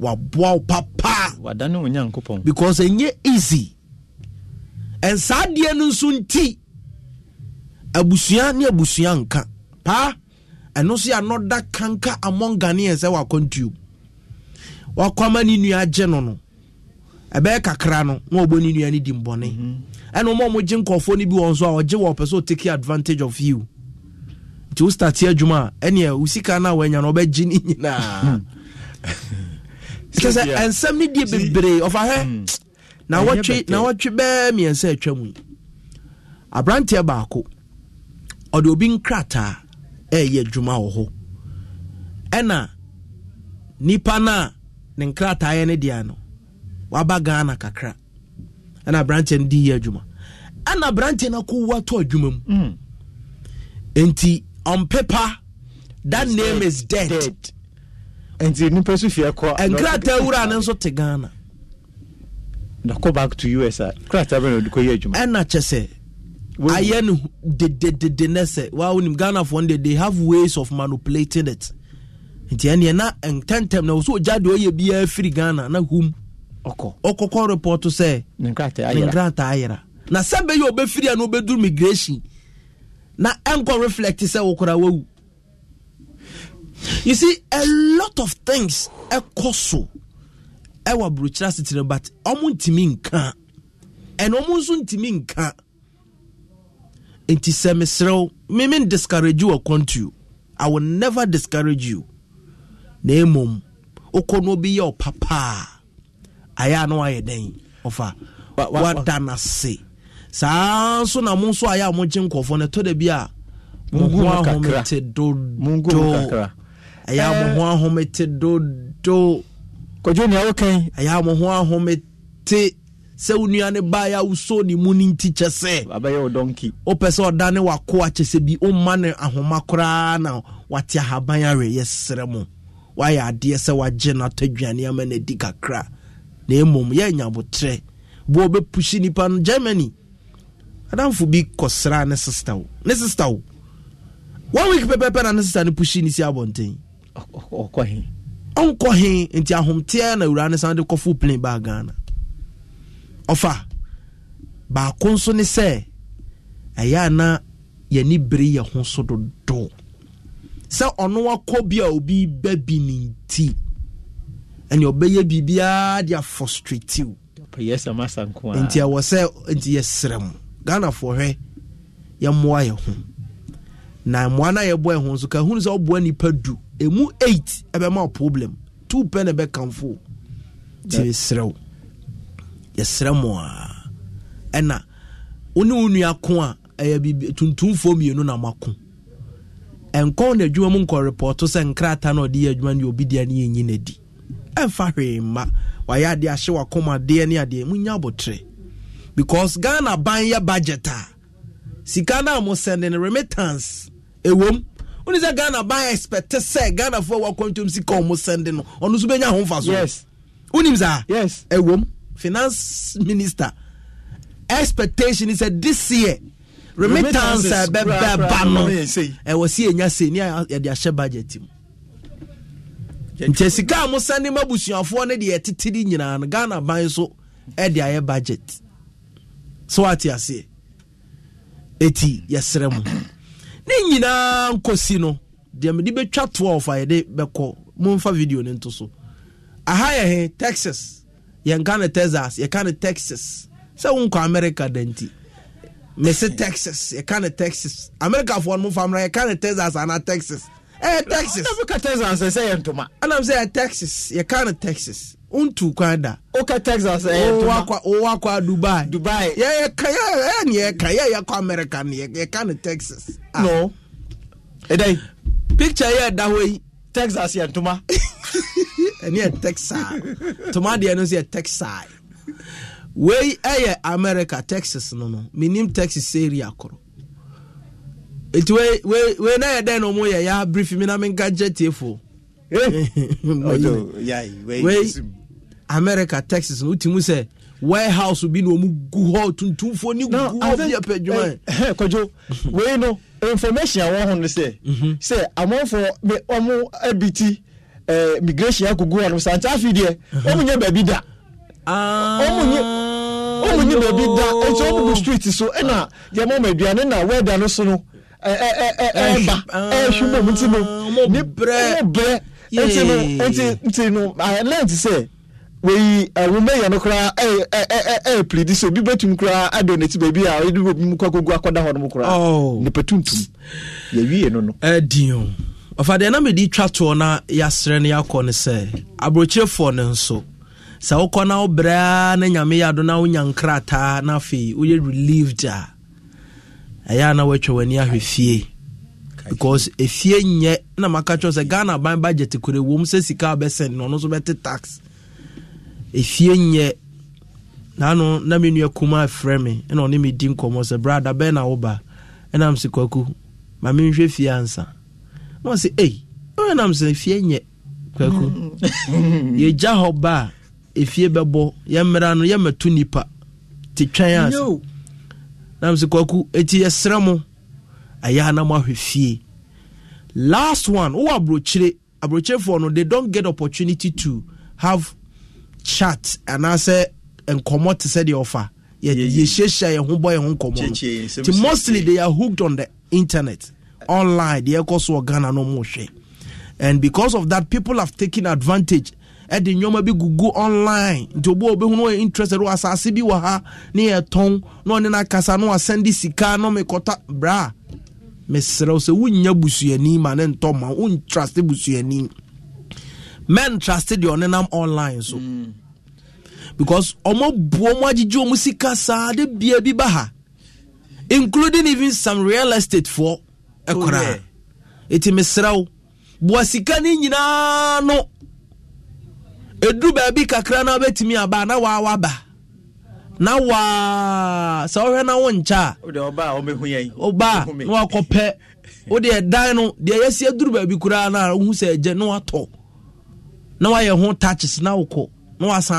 waboa wo papa wadane wo nyankopɔn because ɛnyɛ easy ɛnsaa deɛ no nso nti abusua ne abusua nka paa ɛno nso yɛ anɔda kanka among ghanaians sɛ wakɔntuo wakɔama ne nua agye no no ɛbɛyɛ kakra no na ɔbɔ ne nua no di mbɔne mhm. ɛna ɔma ɔmogye nkɔfoɔ no bi wɔ so a ɔgye wɔ ɔpɛ sɛ ɔtake advantage of you nti o wo starte adwuma a ɛneɛ wo sika no a woanya no ɔbɛgye ne nyinaa kyɛ sɛ ɛnsɛm no die bebree ɔfa mm. na wɔtwe bɛɛ mmiɛnsa atwa mu aberanteɛ baako ɔde obi nkrataa ɛyɛ adwuma wɔ hɔ ɛna nipa no a ne nkrataeɛ no deɛ no waba ghana kakra ɛna aberanteɛ no de yɛ adwuma ɛna aberanteɛ no akɔwu ato adwuma mu hmm. nti on paper that It's name dead. is dead, nti nipa so fie kɔ nkrataa wura ne nso te ghana na kɔ back to us a krataa bɛ na ɔde kɔ yɛ adwuma ɛna kyɛ sɛ ayɛ no dededede nɛ sɛ wawonim ghanafoɔ no de they have ways of manipulating it nti ɛneɛ na ntɛntɛm na wo sɛ ɔgya deɛ ɔyɛ biara firi ghana na hum ɔkɔkɔ report sɛ ne nkrataa ayera na sɛ bɛyɛ ɔbɛfiri a na wobɛduru migration na ɛnkɔ reflect sɛ wo koraa wawu you see a lot of things ɛkɔ so ɛwɔ aburokyerɛ asetene but ɔmo ntumi nka ɛna ɔmo nso ntumi nka nti sɛ meserew meme discourage you ɔkɔnto i will never discourage you na mmom wokɔ no obi yɛ ɔpa paa ayɛ a na wayɛ dɛn ɔfa wada no ase saa nso na mo nso ayɛ a mogye nkɔfoɔ no ɛtɔ da bi a mo ho ahomete dodo ɛyɛ a mo ahomete dodo ɛyɛ a mo ahomete sɛ wo a wosoo ne mu no nti kyɛ sɛ wopɛ sɛ ɔda ne wakoa kyɛ sɛ bi womma ne ahoma koraa na wate ahaban awerɛ yɛserɛ mo wayɛ adeɛ sɛ wagye no atɔ aduane ama no adi kakra na mmom yɛanya botrɛ nnipa no germany adamfo bi ne wo ne wo one na ne sister pusi ne si abɔnten ɔnkɔ he nti ahomteɛ na awura ne san de ɔfa baako nso ne sɛ ɛyɛ ana yɛni bere yɛ ho so dodo sɛ ɔno akɔ bi a obi bɛ bi ne nti ɛnna ɔbɛyɛ biribiara de afɔstretiw nti ɛwɔ sɛ nti yɛsrɛ mu ghanafoɔ hwɛ yɛmmoa yɛ ho na mmoa no a yɛbɔ yɛ ho nso ka hunu sɛ ɔboa nipa du ɛmu eight ɛbɛma problem two pɛ na ɛbɛkamfo nti yɛsrɛ wo yɛsrɛ mo a ɛna wo ne wo nua ko a ɛyɛ tuntumfoɔ mmienu na moako ɛnkɔ na adwuma mu nkɔ repɔto sɛ nkrataa na ɔde yɛ adwuma ne obi deɛ ne yɛnyi no adi ɛmfa hwee mma wayɛ adeɛ ahye wakoma adeɛ ne adeɛ munya abotire because ghana ban yɛ budget a sika no a mo sɛnde no remittance ɛwom wone sɛ ghana ban expect sɛ ghanafoɔ a wakɔntom sika ɔmo sɛnde no ɔno nso bɛnya ho mfa so wonim saa ɛwom yes. finance minister expectation is that this year remittance eh, bɛbɛba no ɛwɔ si enya se ni yɛde ahyɛ budget mu nti sika a mo sani ma busuafoɔ ne deɛ ɛtete di nyinaa no ghana ban so ɛde ayɛ budget so wate aseɛ eti yɛsrɛ mu ne nyinaa nkosi no deɛ mede bɛtwa toɔ ɔfa yɛde bɛkɔ momfa video no nto so aha yɛ he texas yɛnka no texas yɛka no texas sɛ wonkɔ america da nti mese texas yɛka no texas americafoɔ no mofamra yɛka no texas ana texas ɛyɛ texas ɛnamka texas sɛ yɛ ntoma ɛnam sɛ yɛ texas yɛka no texas wontu kwan da woka texas ɛyɛ ntoma wowɔ akɔ dubai dubai yɛyɛka yɛyɛ ne yɛka yɛyɛkɔ america ne yɛka no texas ah. no ɛdɛn picture yɛ ɛda hɔ yi texas yɛ ntoma ɛne yɛ texile toma deɛ no nso yɛ texile wei ɛyɛ america texas no no menim texas seria koro. nti wei wei wei na yɛ dɛn na ɔmo yɛ ya brief mi na mi nka gye tie fo wei america texas no wotimu sɛ warehouse bi na ɔmo gu hɔ tuntumfoɔ ni gu hɔ bi apɛ adwuma yɛ. kɔjɔ wei no information a wɔn ho no sɛ mhm. sɛ amɔfoɔ ɔmo abiti. migration agugu hɔ santa afi deɛ wɔn nyɛ baabi da wɔn nyɛ wɔn nyɛ baabi da otu wɔn bu street so ɛna yɛn mɔ ma aduane na wɛda no so no ɛɛba ɛɛhwi bɔ mu ti no ne brɛ brɛ no nti nti no i learn no koraa so bɛtum koraa baabi a ɔyɛ de mu kɔ akɔda hɔ ɔfa deɛ na mede twa toɔ na yɛaserɛ no yɛakɔ no sɛ aborɔkyirefoɔ no nso sɛ wokɔ na wobrɛa na nyame yɛ na wonya nkrataa na afei woyɛ relieved a ɛyɛ a na woatwa w'ani ahwɛ fie because efie nyɛ na maka kyerɛ sɛ ghana ban budget kure wɔm sɛ sika bɛsɛn na ɔno nso bɛte tax efie nyɛ naano na mi nua kuma afrɛ mi ɛna ɔne mi di nkɔmɔ sɛ brada bɛn na woba ɛna m si kwaku nhwɛ fie ansa na wɔn sɛ ɛyi wɔn nam sɛ efie nyɛ kwaku yɛgya hɔ ba a efie bɛbɔ yɛmmera no yɛmmɛto nipa te twɛn ase nam sɛ kwaku eti yɛsrɛ mo ɛyɛ anam ahwɛ fie last one wowɔ aburokyire aburokyerefoɔ no they don't get opportunity to have chat anaasɛ nkɔmɔ te sɛ deɛ ɔfa yɛhyiahyia yɛn ho bɔ yɛn ho nkɔmɔ no nti mostly they are hooked on the internet online the ɛkɔ so wɔ ghana no mohwɛ and because of that people have taken advantage ɛde nneɛma bi gugu online nti obi a obihunu ɔyɛ interested wɔ asase bi wɔ ha ne yɛ tɔn na ɔne na kasa na wasɛnde sika na ɔmekɔta braa mesrɛ wo sɛ wonnya busuani ma ne ntɔ ma wontraste busuani mɛntraste deɛ ɔne nam online so because omo buo mu agyegye ɔmo sika saa de bia bi ba ha including even some real estate for koraa ɛti mesrɛ wo boa sika no nyinaa no ɛduru baabi kakra na wobɛtumi aba na waa waba na waa sɛ wohwɛ na wo nkyɛ a woba na wakɔpɛ wode ɛdan no deɛ yɛsi aduru baabi koraa na wohu sɛ agya na watɔ na wayɛ ho touches na wokɔ na wasa.